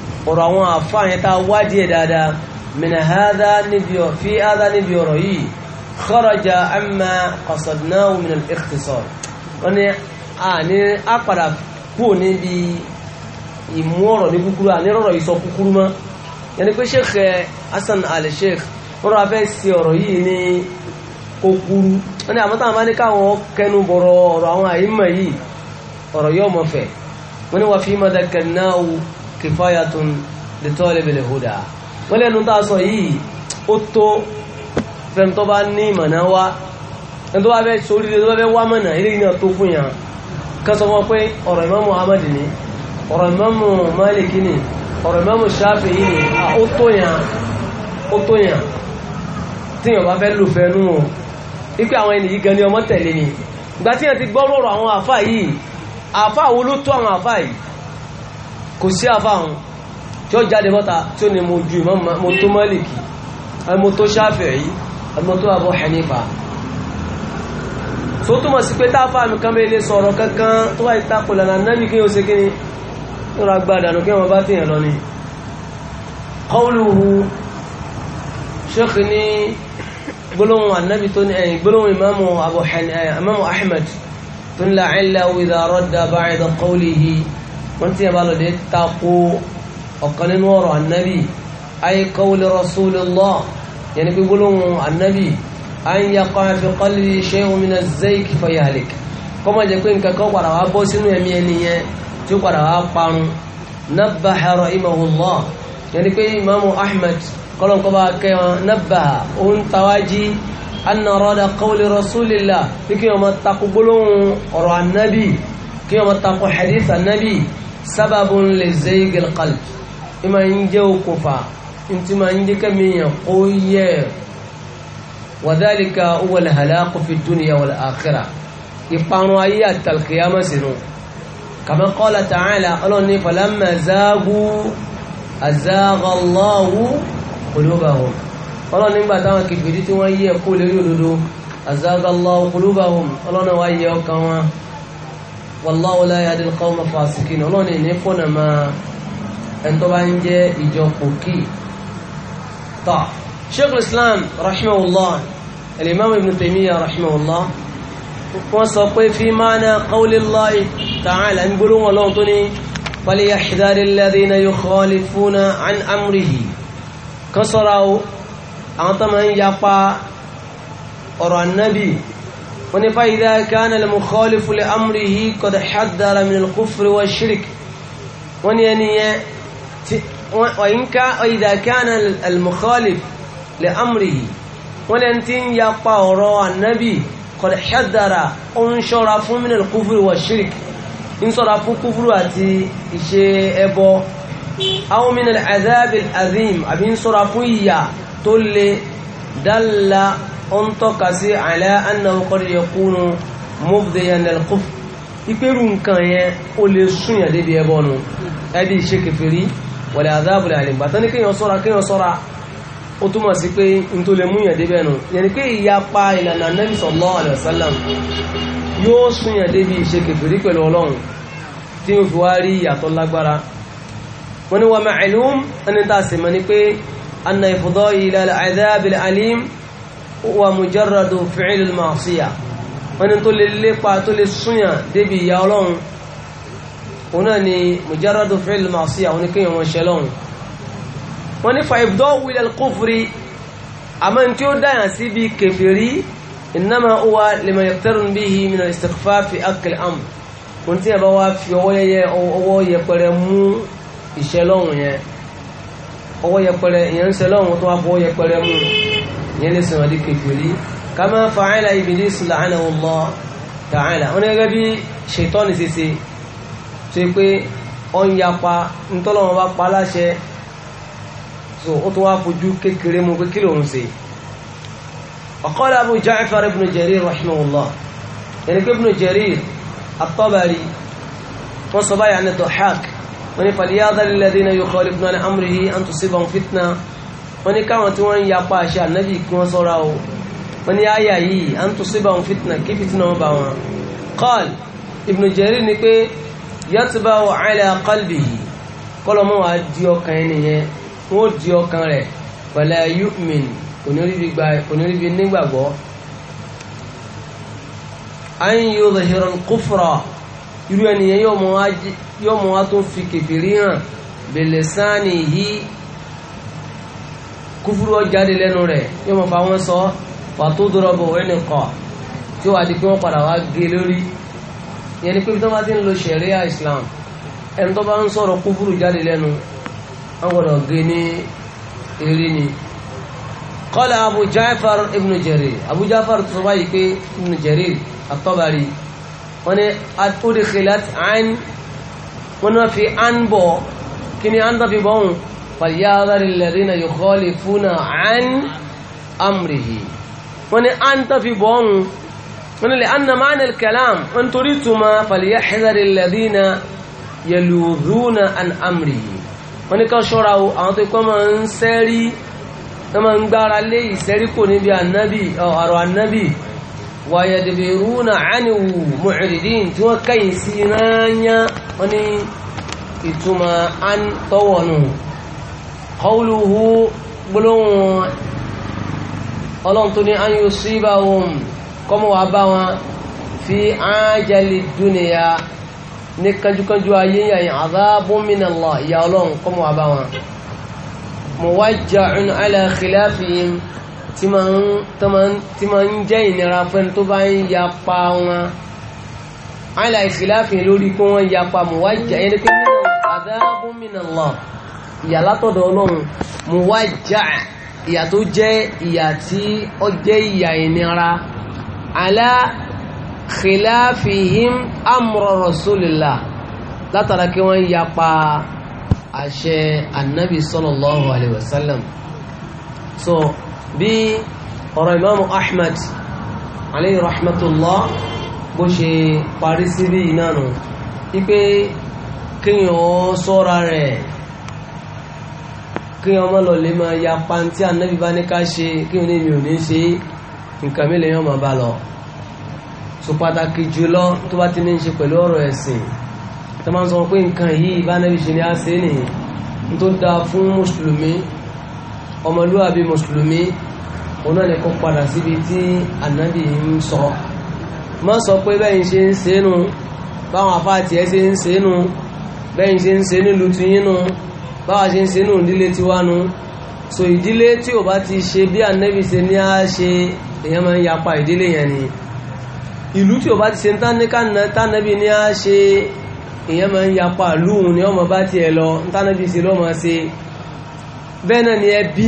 ọ̀rọ̀ àwọn àfáà yẹn tá wádìí ẹ̀ dáadáa min hadha níbi fi hadha níbi ọ̀rọ̀ yìí kharaja amma qasadnahu min al-ikhtisar wọ́n ní a ní a padà kú níbi ìmú ọ̀rọ̀ ní kúkúrú à ní rọ̀rọ̀ ìsọ kúkúrú mọ́ yẹni pé sheikh eh, hasan ali sheikh wọ́n rọ̀ afẹ́ sí ọ̀rọ̀ yìí ní kúkúrú wọ́n ní àmọ́tá wọ́n ní kìfáyàtún lè tọ́lẹ̀ bẹ̀lẹ̀ hódà wọ́n lẹ́nu tá a sọ yìí ó tó fẹ́ni tó bá ní ìmọ̀nà wá ẹni tó bá fẹ́ sórí tó bá fẹ́ wá mọ̀nà ilé yìí náà tó fún yàn kan sọ wọn pé Imam Muhammad ni ọ̀rọ̀ Imam Malik ni ọ̀rọ̀ Imam Shafi'i ni ó tó yàn ó tó yàn tíyàn bá fẹ́ lò fẹ́ nú o ipe àwọn ẹni yìí gan ni ọmọ tẹ̀lé ni ìgbà tíyàn ti gbọ́ rọ̀rọ̀ àwọn àfà yìí àfà wo ló tó àwọn àfà yìí kò sí àfáhùn tí ó jáde bọ́ta tí ó ní mo ju mo tó Málíkì mo tó Ṣáfi'í mo tó Abu Hanifa tó túnmọ̀ sí pé táfà mi kan bẹ́ẹ̀ lè sọ̀rọ̀ kankan tó wáyé tako lànà náàbí kí o ṣe kí ni ó ra gba àdànù kí wọ́n bá tèèyàn lọ ni qawluhu Sheikh ní gbólóhùn ànábì tó ní ẹ̀yìn gbólóhùn ìmáàmù Abu Hanifa ìmáàmù Ahmad tó ní la'allahu idha radda ba'da wọ́n tí ẹ bá lọ dé tako ọ̀kan nínú ọ̀rọ̀ annabi ayé qawli rasulullah yẹn ni pé gbólóhùn annabi an yaqa fi qalbi shay'un min az-zayk fayahlik kọ́ máa jẹ́ pé nǹkan kan padà wá bọ́ sínú ẹ̀mí ẹni yẹn tí ó padà wá parun nabbaha rahimahullah yẹn ni pé imaamu ahmed kọ́lọ́nkọ́ bá kẹ́ wọn nabbaha ó ń tawájí anna rada qawli rasulillah bí kí wọ́n máa tako gbólóhùn ọ̀rọ̀ annabi kí wọ́n máa tako hadith annabi sábàbùn lè zẹ́ igel qalb ní ma ń jẹ́ okùnfà tí ma ń jẹ́ kẹ́míyàn kó yẹ wàdálìkà wal halaqu fi dunya wal akhirah ìparun ayé àtàlkìyàmá sínú kama qala ta'ala ọlọ́ni falamma zágú azáàgọ́lọ́wú qulubahum ọlọ́ni nígbà táwọn kìfìdí tí wọ́n yí ẹ̀kú lérí òdodo azáàgọ́lọ́wú qulubahum ọlọ́ni wáyé ọkàn wọn wallahu la yahdi al-qawma fasiqin ọlọ́run ní ní fọ́nà máa ẹni tó bá ń jẹ́ ìjọ pòkì tà sheikh islam rahimahullah al-imam ibn taymiyyah rahimahullah wọ́n sọ pé fi ma'na qawlillahi ta'ala ń gbólóhùn ọlọ́run tó ní فليحذر الذين يخالفون عن أمره kan sọ́ra o àwọn tó máa ń yapa ọ̀rọ̀ ànábì wọ́n ní fáyidá kánà lè mú kọ́lífù lè amúrí yìí kọ̀dà ṣádára mi kúfúrú wa ṣírík wọ́n ní ẹni yẹn ọ̀yínká ọ̀yídá kánà lè mú kọ́lífù lè amúrí yìí wọ́n ní ẹni tí ń yapa ọ̀rọ̀ ànábì kọ̀dà ṣádára ó ń ṣọ́ra fún mi kúfúrú wa ṣírík ń ṣọ́ra fún kúfúrú àti ìṣe ẹbọ àwọn mi àdábìl àdìm àbí ń ṣọ́ra fún ìyà tó le dálá ń tọ́ka sí ala annahu qad yakunu mubdiyan al-kufr ìpérù nǹkan yẹn ó lè súnyàn débi ẹbọ nu ẹbí ìṣe kẹfìrí wal adhabul alim bàtà ní kéèyàn sọ́ra kéèyàn sọ́ra ó túmọ̀ sí pé n tó lè múyàn débẹ̀ nu yẹn pé ìyapa ìlànà Nabi sallallahu yóò súnyàn débi ìṣe kẹfìrí pẹ̀lú ọlọ́run tí ó fi wá rí ìyàtọ̀ lágbára wọ́n ni wa ma'lum ẹni tá a sì mọ̀ ni pé anna ìfọ̀dọ́ ila al-adhabil wa mujarradu fi'il al-ma'siyah wọ́n ni tó lè lépa tó lè súnyàn débi ìyá ọlọ́run òun náà ni mujarradu fi'il al-ma'siyah àwọn oníkéyàn wọn ṣe lọ́run wọ́n ní fa ibda'u ila al-kufri àmọ́ tí ó dáyà sí bí kèfèrí innama huwa liman yaqtarun bihi min al-istikhfaf fi akl amr wọ́n tí yẹn bá wá fi ọwọ́ yẹpẹrẹ mú ìṣẹ́lọ́run yẹn ọwọ́ yẹpẹrẹ ìyẹn ń ṣẹlọ́run tó wá bọ́ yẹpẹrẹ mú ìyẹn lè sọ̀rọ̀ di kèfèrí kama fa'ala iblis la'anahu Allah ta'ala wọn gẹ́gẹ́ bí ṣètọ́ni ṣeṣe tó yẹ pé ọ̀n yapa ntọ́lọ́wọ́n bá pa láṣẹ so ó tún wá fojú kékeré mu pé kí lòun ṣe ọ̀kọ́lá Abu Ja'far ibn Jarir rahimahullah ẹni pé ibn Jarir at-Tabari wọ́n sọ báyìí àni Dahhak wọ́n ni falyadhar alladhina yukhalifuna an amrihi an tusibahum fitna wọ́n ní káwọn tí wọ́n ń yapa àṣẹ ànábì kí wọ́n sọ́ra o wọ́n ní àyà yìí à ń tó síbà wọn fitna kí fitna wọn bá wọn. qal ibnu jarir ni pé yàtúbà wà ala qalbihi kọ́lọ́mọ́ wa di ọkàn ẹni yẹn wọ́n di ọkàn rẹ̀ wala yu'min oníríbi nígbàgbọ́. an yudhhira al-kufra irú ẹni yẹn yóò mọ wá tó fi kèfèrí hàn bilisanihi kúfúrú ọjáde lẹ́nu rẹ̀ yóò mọ̀ fà wọ́n sọ pàtó dọ́rọ̀bọ̀ ẹnì kan tí ó wà di pé wọ́n padà wá gé lórí yẹn ni pé tó bá ti ń lo sẹ̀ríà Islam ẹni tó bá ń sọ̀rọ̀ kúfúrú jáde lẹ́nu wọ́n gbọ́dọ̀ gé ní eré ni. qala Abu Ja'far ibn Jarir Abu Ja'far tó sọ báyìí pé ibn Jarir at-Tabari wọ́n ní adúdíkìlát àìn wọ́n náà fi àǹbọ̀ kí ni àǹtàfi bọ́ọ̀hún falyadhar alladhina yukhalifuna an amrihi wọ́n ní an tó fi bọ́ ọ̀hún wọ́n ní lè an na máa nílùú kalam wọ́n torí tuma falyahzar alladhina yaludhuna an amrihi wọ́n ní ká ṣọ́ra o àwọn tó kọ́ máa ń sẹ́rí tó máa ń gbára lé ìsẹ́rí kò níbi ànábì ọ̀rọ̀ ànábì wàyàdìbìrúnà ánìwò mọ̀rìdín tí wọ́n kẹ́yìn sí náà yá wọ́n ní ìtumọ̀ an tọ́wọ̀nù qawluhu gbólóhùn ọlọ́run tó ní an yusibahum kọ́mọ wà bá wọn fi ajali dunya ní kanjúkanjú ayé yàyìn azabun minallah ìyá ọlọ́run kọ́mọ wà bá wọn muwajja'un ala khilafihim tí ma ń jẹ́ ìnira fún tó bá ń yapa wọn ala khilafihim lórí kó wọ́n yapa muwajja' yẹn ni pé minallah azabun ìyà látọ̀dọ̀ ọlọ́run mo wá jà ìyà tó jẹ́ ìyà tí ó jẹ́ ìyà ìnira alá khilafihim amra rasulillah látara kí wọ́n yapa àṣẹ annabi sallallahu alaihi wasallam so bí ọ̀rọ̀ imamu ahmad alayhi rahmatullah bó ṣe parí sí bí ìnánu wípé kíyàn ó sọ́ra rẹ̀ kí ọmọ lọ lè máa ya pantí ànábì bá ní ká ṣe kí wọn ní mi ò ní ṣe nǹkan mi lèyàn máa bá lọ so pàtàkì jùlọ tó bá ti ní ṣe pẹ̀lú ọ̀rọ̀ ẹ̀sìn tó máa ń sọ pé nǹkan yìí bá ànábì ṣe ní àṣẹ nìyí n tó dáa fún mùsùlùmí ọmọlúwàbí mùsùlùmí òun náà lè kó padà síbi tí ànábì ń sọ má sọ pé bẹ́ẹ̀ ṣe ń ṣe é nu báwọn afáàtì ẹ ṣe ń ṣe é nu bẹ́ẹ̀ báwa ṣe ń ṣe nù ìdílé ti wá nu so ìdílé tí ò bá ti ṣe bí ànẹ́bí ṣe ní á ṣe èèyàn máa ń yapa ìdílé yẹn ni ìlú tí ò bá ti ṣe tánẹ́bí ní á ṣe èèyàn máa ń yapa lóhun ni ọmọ bá tiẹ̀ lọ tánẹ́bí ṣe lọ́mọ ṣe bẹ́ẹ̀ náà ni ẹbí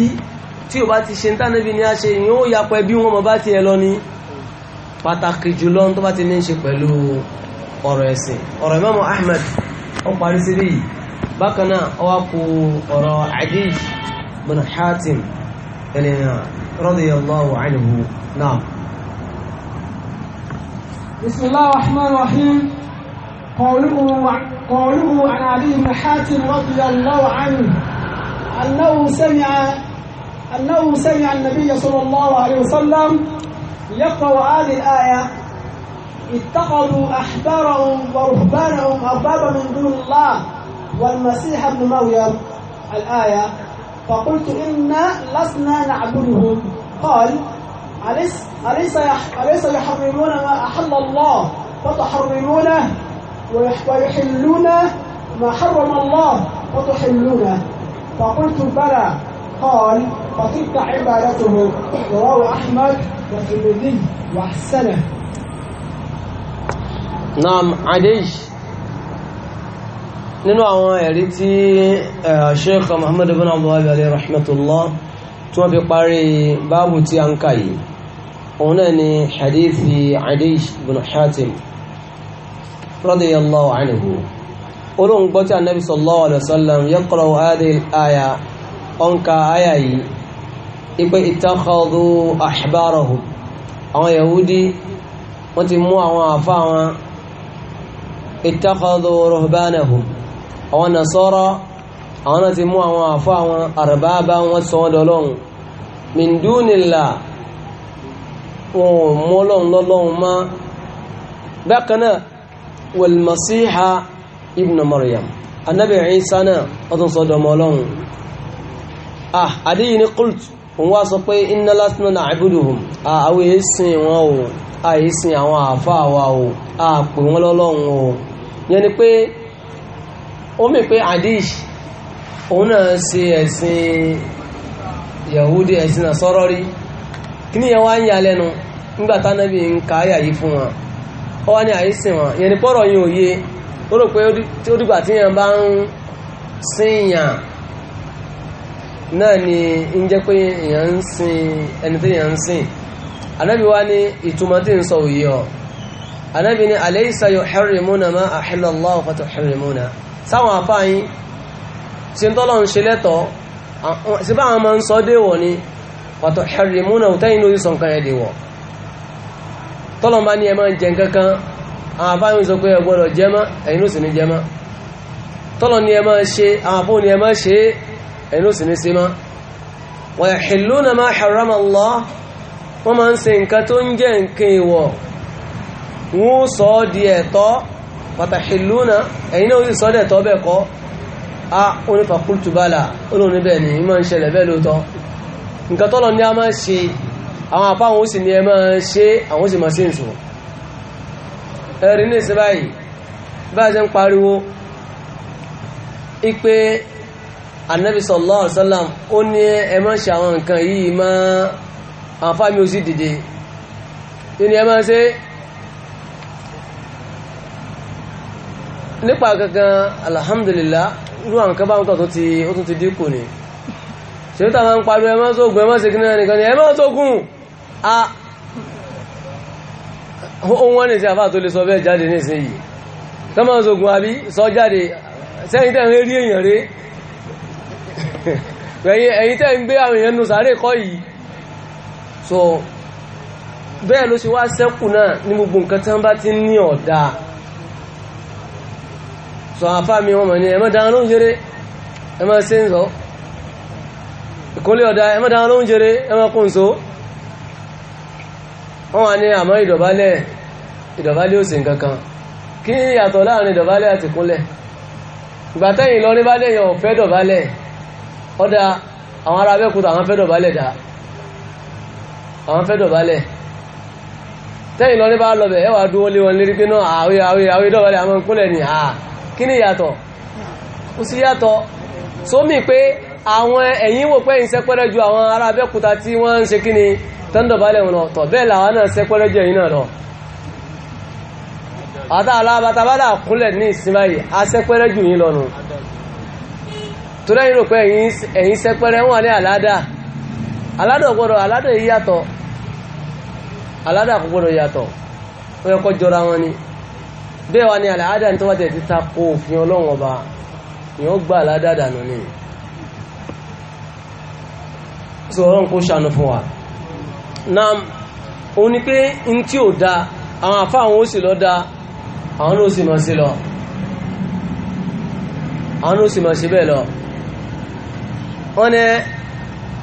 tí o bá ti ṣe tánàbí ní a ṣe ìyàn ó yapọ̀ ẹbí wọn mọ̀ bá ti lọ ní pàtàkì jùlọ tó bá ti ní ṣe pẹ̀lú ọ̀rọ̀ ẹ̀sìn ọ̀rọ̀ Imam Ahmed ó parí sí yìí بكنا náà ọwọ́ kú ọ̀rọ̀ حاتم bin Hatim ènìyàn radiyallahu anhu بسم الله الرحمن الرحيم قوله قوله عن علي بن حاتم رضي الله عنه انه سمع أنه سمع النبي صلى الله عليه وسلم يقرأ هذه الآية اتخذوا أحبارهم ورهبانهم أربابا من دون الله والمسيح ابن مريم الآية فقلت إنا لسنا نعبدهم قال أليس أليس أليس يحرمون ما أحل الله فتحرمونه ويحلون ما حرم الله فتحلونه فقلت بلى قال فتلك عبادته رواه أحمد والترمذي وأحسنه نعم عليش nínú àwọn ẹ̀rí tí Sheikh Muhammad ibn Abdul alayhi rahmatullah tí wọ́n fi parí báàbù tí a ń kà yìí òun náà ni hadithi Adiy ibn Hatim radiyallahu anhu olóhùn gbọ́ tí anabi sallallahu alayhi wa sallam yaqra'u hadhihi al-aya ọ̀nkà àyà yìí ipe ittakhadhu ahbarahum àwọn yahudi wọ́n ti mú àwọn àfa wọn ittakhadhu àwọn nasọ́rọ́ àwọn náà ti mú àwọn àfọ́ àwọn àrùbábá wọn sọ wọ́n dọ́lọ́hun min dunillah wọn ò mú ọlọ́run lọ́lọ́run má bákan náà wàlmàsíhà ibn maryam annabi isa náà ọdún sọ́dọ̀mọ́ ọlọ́run ah adéyìn ní qultu òun wá sọ pé inna lásìnà náà àbúdùhùn àwọn èsìn wọn o àìsìn àwọn àfáà wa o àpè wọn lọ́lọ́run o yẹn pé ó mì pé adish òun náà ṣe ẹ̀sìn yahudi ẹ̀sìn àsọ́rọ́ rí kí ni yẹn wá ń ya lẹ́nu nígbà tánábì ń ka àyà yìí fún wọn ó wá ní àyíṣìn wọn yẹn ni pọ́rọ̀ yìí ò yé ó rò pé ó dìgbà tí yẹn bá ń sínyàn náà ni ń jẹ́ pé èèyàn ń sin ẹni tí èèyàn ń sìn anábì wá ní ìtumọ̀ tí ń sọ òye ọ anábì ní alaysa yuharrimuna ma ahalla Allahu fatuharrimuna sáwọn àfáàyín ṣe ń tọ́lọ́ ń ṣe lẹ́tọ̀ọ́ sí bá àwọn máa ń sọ déwọ̀ ni pàtó ṣàrìmúnà òtẹ́yìn ló sọ nǹkan yẹn déwọ̀ tọ́lọ́ bá ní ẹ máa ń jẹ nǹkan kan àwọn àfáàyín sọ pé ẹ gbọ́dọ̀ jẹ mọ́ ẹ̀yin ló sì ní jẹ mọ́ tọ́lọ́ ní ẹ máa ṣe àwọn àfóò ní ẹ ṣe ẹ̀yin ló sì ní ṣe mọ́ wa yahilluna ma harrama Allah wọ́n máa ń ṣe nǹkan tó ń jẹ́ nǹkan ìwọ̀ wọ́n sọ ọ́ di ẹ̀tọ́ pàtàkìlúnà ẹ̀yìn náà ó sì sọ́dẹ̀ tọ́ bẹ́ẹ̀ kọ́ a onífàkútùbálà olóòní bẹ́ẹ̀ ni ìmọ̀ ń ṣẹlẹ̀ bẹ́ẹ̀ lóòótọ́ nǹkan tọ́lọ ní a máa ṣe àwọn àpá àwọn òsì ni ẹ máa ṣe àwọn òsì máa sí ìsù ẹ̀rí ní ìsìn báyìí ẹ máa ṣe àwọn ó sì máa ṣe nípa gangan alhamdulillah irú àwọn kan bá ń tọ̀ tó ti ó tún ti dínkù ni ṣe tó àwọn pariwo ẹ má sógun ẹ má ṣe kíní ẹnìkan ni ẹ má sógun a ohun wọn ní sí àfáà tó lè sọ bẹ́ẹ̀ jáde ní ìsìn yìí tó má sógun àbí sọ jáde sẹ́yìn tẹ̀ ń rí èèyàn rí ẹ̀yìn tẹ́ ń gbé àwọn èèyàn nù sáré kọ́ yìí so bẹ́ẹ̀ ló ṣe wá sẹ́kù náà ní gbogbo nǹkan tí wọ́n bá ti ní ọ̀dà sọ àfá mi wọ́n mọ̀ ní ẹmọ́ dáhùn lóúnjẹ rẹ̀ ẹmọ́ sí ń sọ ìkólé ọ̀dá ẹmọ́ dáhùn lóúnjẹ rẹ̀ ẹmọ́ kún so wọ́n wà ní àmọ́ ìdọ̀bálẹ̀ ìdọ̀bálẹ̀ ò sí nǹkankan kí yàtọ̀ láàrin ìdọ̀bálẹ̀ àti kúnlẹ̀ ìgbà tẹ́yìn lọ rí bálẹ̀ yẹn ò fẹ́ dọ̀bálẹ̀ ọ̀dà àwọn ará Abẹ́òkúta àwọn fẹ́ dọ̀bálẹ̀ dá àwọn fẹ́ dọ̀bálẹ̀ tẹ́yìn lọ rí bá lọ bẹ̀ ẹ wà dúró lé wọn lérí pé náà àwé àwé àwé dọ̀bálẹ̀ àwọn kúnlẹ̀ ni àà kí ni yàtọ̀ ó sì yàtọ̀ sómi pé àwọn ẹ̀yìn wò pé ìṣẹ́pẹ́rẹ́ ju àwọn ará Abẹ́òkúta tí wọ́n ń ṣe kí ni tọ́ndọ̀bálẹ̀ wọn ọ̀tọ̀ bẹ́ẹ̀ làwọn náà ṣẹ́pẹ́rẹ́ jẹ́ yìí náà lọ àtàlábátabádà kúnlẹ̀ ní ìsinmáyì aṣẹ́pẹ́rẹ́ jù yín lọ́nu tó lẹ́yìn rò pé ẹ̀yìn ṣẹ́pẹ́rẹ́ wọ́n ní àládà aládà gbọ́dọ̀ aládà yìí yàtọ̀ aládà kò gbọ́dọ̀ yàtọ̀ ó yẹ kó jọra wọn ni bẹ́ẹ̀ wá ní àlàádà tó ta òfin ọlọ́run ọba ni ó gbà àlàádà dànù ni sọ kó ṣàánú fún wa na o ni pé da àwọn àwọn ó lọ da àwọn ló sì lọ àwọn ló sì mọ̀ sí bẹ́ẹ̀ lọ wọ́n ní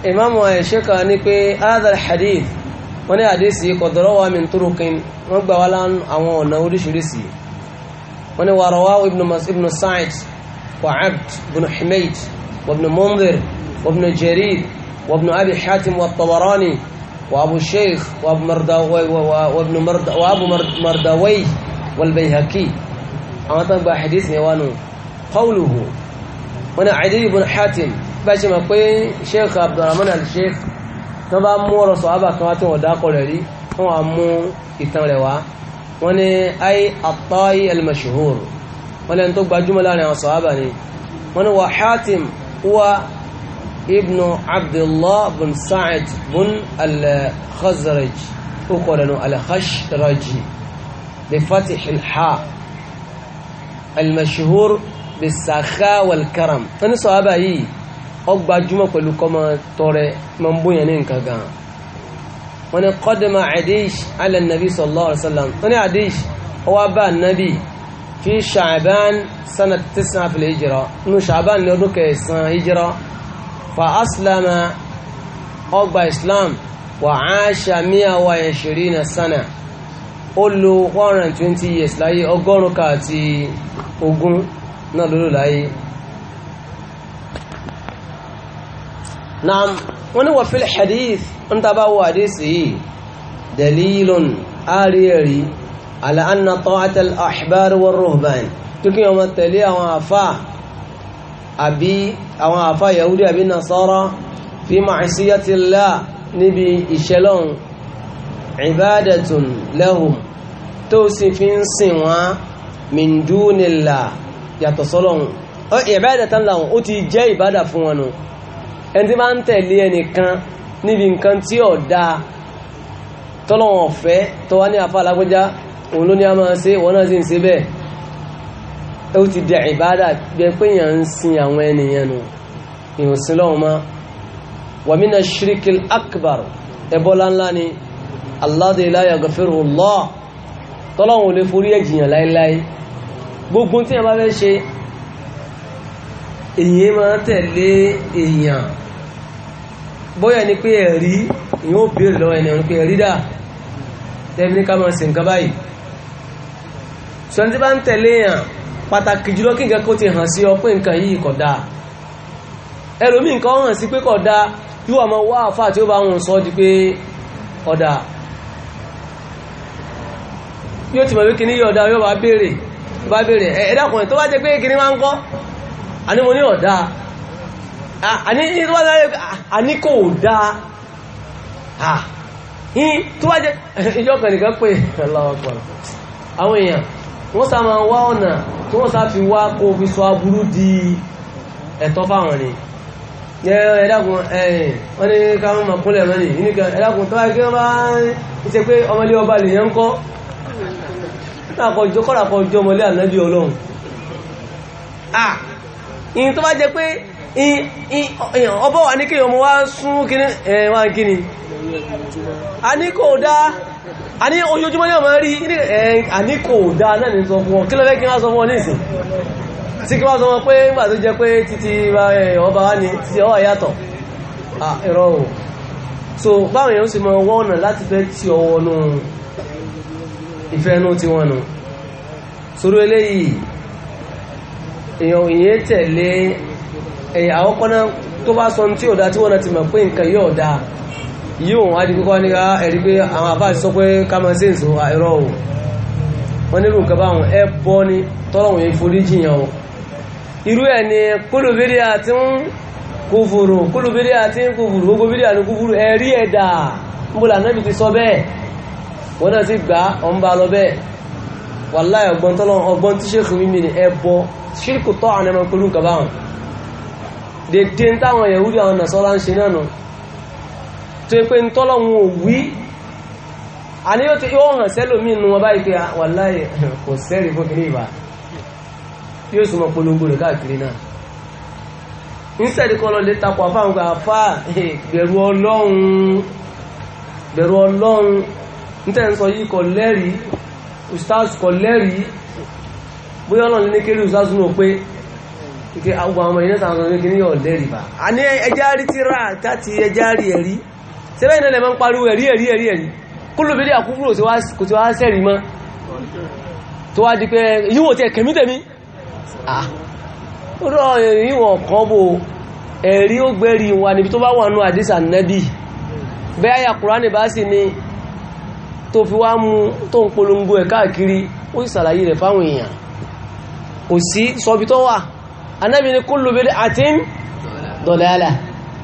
ìmáàmù ẹ̀ṣẹ́ kan ní pé hadith wọ́n ní àdéhìsí kọ̀dọ̀rọ̀ wọ́n gbà وني ورواه ابن مس ابن سعد وعبد بن حميد وابن منذر وابن جرير وابن أبي حاتم والطبراني وأبو الشيخ وابن مرداوي وابن مرد وأبو مرداوي والبيهقي أما بحديث نيوانو قوله هنا عدي بن حاتم باش ما قوي شيخ عبد الرحمن الشيخ تبا مورا صحابة كما تنوى داقل لي هو أمو يتنوى wọ́n ní ayé àtọ́yí al-mashhur wọ́n lẹ́n tó gbajúmọ̀ láàrin àwọn sọ̀hábà ni wọ́n ní wà Hatim wa ibnu Abdullah bin Sa'id bin al-Khazraj ó kọ̀ lẹ́nu al-Khashraji bi fatih al-ha al-mashhur bi wal karam wọ́n ní sọ̀hábà yìí ó pẹ̀lú kọ́mọ wọ́n ní kọ́dìmọ̀ àdíṣ alẹ́nàbí sallallahu alaihi wasallam wọ́n ní àdíṣ ọwá bá nàbí fi ṣàbán sana tẹ́sán àfilẹ̀ ìjírọ́ inú ṣàbán ní ọdún kẹsàn ìjírọ́ fa aslama ọgbà islam wà áṣà mi'awa ishirina sana ó lo 120 years láyé ọgọ́rùn ká àti náà lólò láyé wọ́n ní wọ́n fi hadith ń tàbá wà dé sí yìí dalilun àríyàrí ala'anna ta'atal ahbar wa ruhban tukun yawon tẹ̀lé àwọn àfá àbí àwọn àfá yahudi àbí nasara fi ma'asiyatillah níbi ìṣẹ́lọ́n ibadatun lahum tó sì fi ń sìn wọ́n min dunillah yàtọ̀ sọ́lọ́hun ìbádatan lahum ó ti jẹ́ ìbádà fún wọn ẹni tí máa ń tẹ̀lé ẹnìkan níbi nǹkan tí ò dáa tọ́lọ́wọ̀n ọ̀fẹ́ tó wá ní afá alágbójá òun ló ní a máa ṣe wọ́n náà sì ń ṣe bẹ́ẹ̀ ó ti dẹ̀ ìbádà bí ẹ pé èèyàn ń sin àwọn ènìyàn nù ìhùn sí lọ́wọ́ mọ́ wàmínà shirikil akbar ẹbọ́lá ńlá ni aládé láyà gọfẹ́rù lọ́ tọ́lọ́wọ̀n ò lè forí ẹ̀jìyàn láíláí gbogbo tí a bá fẹ́ ṣe èyí máa tẹ̀lé èèyàn bóyá ni pé ẹ̀rí èyí ó bèèrè lọ ẹni ọ̀run pé ẹ̀rí dà tẹ́bí ká máa ṣe sọ tí bá ń pàtàkì jùlọ kí nǹkan ti hàn sí ọ pé nǹkan yìí kò dáa ẹlòmíì nǹkan hàn sí pé kọ̀ dáa yóò wọ́n máa wá àfà tí ó bá wọn sọ di pé ọ̀dà yóò ti mọ̀ pé kíní ni yóò bá béèrè bá béèrè ẹ̀ẹ́dàkùnrin tó bá pé máa ń kọ́ àní mo ní ọ̀dá àní tó bá dáa àní kò dáa à yín tó bá jẹ́ ìjọ kan nìkan pé ọlọ́wọ́pọ̀ àwọn èèyàn wọ́n sá máa wá ọ̀nà tí wọ́n sá fi wá kó fi sọ aburú di ẹ̀tọ́ fáwọn ni ẹ̀ẹ́dàkùn ẹ̀yìn wọ́n ní káwọn máa kúnlẹ̀ mọ́ni ìníkan ẹ̀dàkùn tó bá kí wọ́n bá ìyìn tó bá jẹ pé ọbọ̀ wà ní kí ọmọ wá sún a ní kò dá a ní ojoojúmọ́ ní ọmọ rí a ní kò dá náà ní sọ fún ọ kí lọ́fẹ́ kí wá sọ fún ọ ní kí sọ pé nígbà tó jẹ pé títí ọba wá ní títí ọwà yàtọ̀ o so sì mọ láti èèyàn ìyẹn tẹ̀lé ẹ̀yà àwọn kọ́nà tó bá sọ tí ọ̀dá tí wọ́n ti mọ̀ pé nǹkan yóò dáa yíò wọ́n á di ẹ̀rí pé àwọn àbá ti sọ pé kámọ́ sí àìrọ̀ o wọ́n nílùú nǹkan báwọn ẹ bọ́ ni o irú ẹ̀ ni àti ń kúfùrù àti ń kúfùrù gbogbo bírí àti kúfùrù ẹ̀rí ń bọ̀ lànàbì ti sọ bẹ́ẹ̀ wọ́n náà ti gbà ọ̀ ń ṣírkù tọ́ àwọn pẹ̀lú kaba wọn ń táwọn yahudi àwọn nasọ́lá ń ṣe náà nù tó ń tọ́lọ̀ wọn ò wí àní yóò ti yóò hàn sẹ́lòmí nu wọn báyìí pé kò sẹ́rì fún kìíní ìbá yóò súnmọ́ polongo rẹ̀ káàkiri náà ń sẹ́rì kọ́ lọ lè takọ̀ àfáwọn gba kọ lẹ́rìí ustaz kọ lẹ́rìí bóyá ọlọ́run ní kéré ìsásúnú pé ike àwọn ọmọ ìrìnà àwọn ọmọ ìkíní yóò lẹ́rì bá a ní ẹjá rí ti rà láti ẹjá rí ẹ̀rí sẹ́bẹ̀ ìnáà lẹ́mọ́ ń pariwo ẹ̀rí ẹ̀rí ẹ̀rí ẹ̀rí kó ló bèèrè àkúkúrò kò tí wá sẹ́rì mọ́ tó wá di pé yíwò tí ẹ̀kẹ̀mí tẹ̀mí ó gbẹ̀rí wa níbi ni tó fi wá mú tó ń polongo ẹ̀ káàkiri ó kò sí sọbi tó wà anábi ni kullu bid'atin dalalah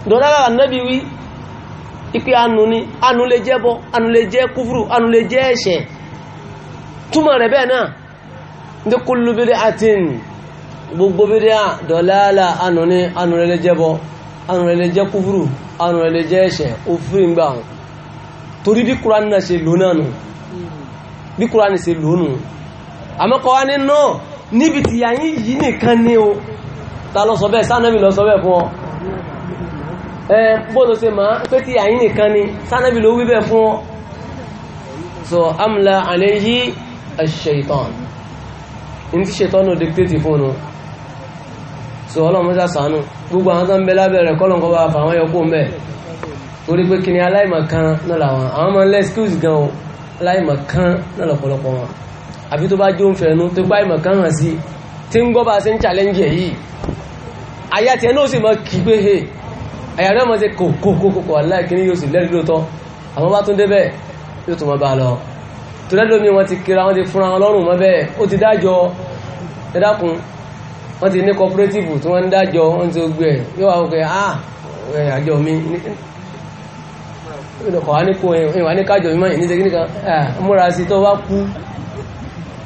dalalah anábi wí ipe anu ni anu lè jẹ́ bọ́ anu lè jẹ́ kúfúrú anu lè jẹ́ ẹ̀ṣẹ̀ túmọ̀ rẹ̀ bẹ́ẹ̀ náà ní kullu bid'atin gbogbo bídíà dalalah anu ni anu lè jẹ́ bọ́ anu lè jẹ́ kúfúrú anu lè jẹ́ ẹ̀ṣẹ̀ òfin gbà torí bí kúránì náà ṣe lónà nù bí kúránì ṣe lónà àmọ́kọ́ wa ní náà níbi tí ya yín yìí nìkan ní o ta lọ sọ bẹ́ẹ̀ sánàbí lọ sọ bẹ́ẹ̀ fún ọ ẹ bóòlù ṣe máa pé tí ya yín nìkan ní sánàbí ló wí bẹ́ẹ̀ fún ọ so amla alayhi ash-shaytan ní tí ṣètọ́nù dictate fún un so ọlọ́run sá sànú gbogbo àwọn tó ń bẹ lábẹ́rẹ̀ kọ́lọ̀ kọ́ bá fà wọ́n yọkó ń bẹ̀ torí pé kí ni aláìmọ̀kan náà làwọn àwọn ọmọ lẹ́skúùs wọn àbí tó bá jó ń fẹ̀ẹ́nu tó gbá ìmọ̀ kan hàn sí tí ń gbọ́ bá ṣe ń challenge ẹ̀ yìí àyà tiẹ̀ náà sì mọ́ kí pé he àyà rẹ̀ mọ́ sí kòkòkòkò aláìkíní yóò sì lẹ́rìí lóòótọ́ àmọ́ bá tún débẹ̀ yóò tún mọ́ bá lọ tó lẹ́dọ̀ mi wọ́n ti kira wọ́n ti fúnra wọn lọ́rùn mọ́ bẹ́ẹ̀ ó ti dájọ́ ẹ dákun wọ́n ti ní cooperative tí wọ́n ń dájọ́ wọ́n ti gbé ẹ̀ yóò wá wọ́pẹ́ ah àjọ mi ìdọ̀kọ̀ wá ní kó ìwà ní kájọ mi mọ́ ìníṣẹ́ kíníkan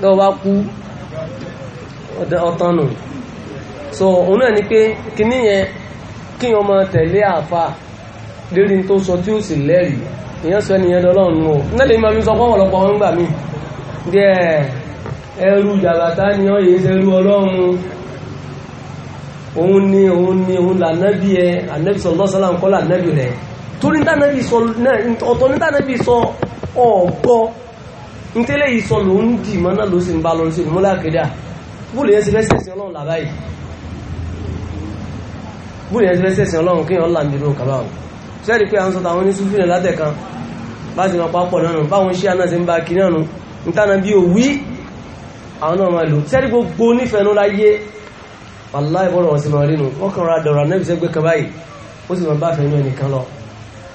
lọ́wọ́ bá kú ọ̀tán nù so òun náà ni pé kíní yẹn kí wọ́n máa tẹ̀lé àfa lérí tó sọ tí ó sì lẹ́rìí èèyàn sọ ẹnìyẹn lọ́lọ́run nù ọ́ nílẹ̀ ìmọ̀ mi sọ pé ọ̀pọ̀lọpọ̀ wọn gbà mí díẹ̀ ẹrú jàbàtà ni ọ́ yìí ṣe rú ọlọ́run òun ni òun ni òun lànàbí ẹ ànàbí sọ lọ́sọ́lá ń kọ́ lànàbí rẹ̀ torí ní tànàbí sọ ọ̀tọ̀ ní tànàbí sọ ọ̀gbọ́n ntẹ́lẹ̀ yìí sọ ló ń dì mọ́ náà ló sì ń bá lọ sí ìmúlẹ̀ àkẹ́dà bóòlù yẹn ti fẹ́ sẹ̀sìn ọlọ́run làbá yìí bóòlù yẹn ti fẹ́ sẹ̀sìn ọlọ́run kí wọ́n là ń kaba o sẹ́ẹ̀rì pé à ń sọ táwọn ní sùfìnà látẹ̀kan bá ti máa papọ̀ náà nù báwọn ṣíà náà ti ń ba kí náà nù ntànà bí o wí àwọn náà máa lò sẹ́ẹ̀rì gbogbo nífẹ̀ẹ́nu láyé wàláì bọ́ọ̀rọ̀ wọn sì máa rí nù wọ́n kàn ra dọ̀rọ̀ anẹ́bìsẹ́gbẹ́ kan báyìí ó sì máa bá àfẹ́yìn ẹnìkan lọ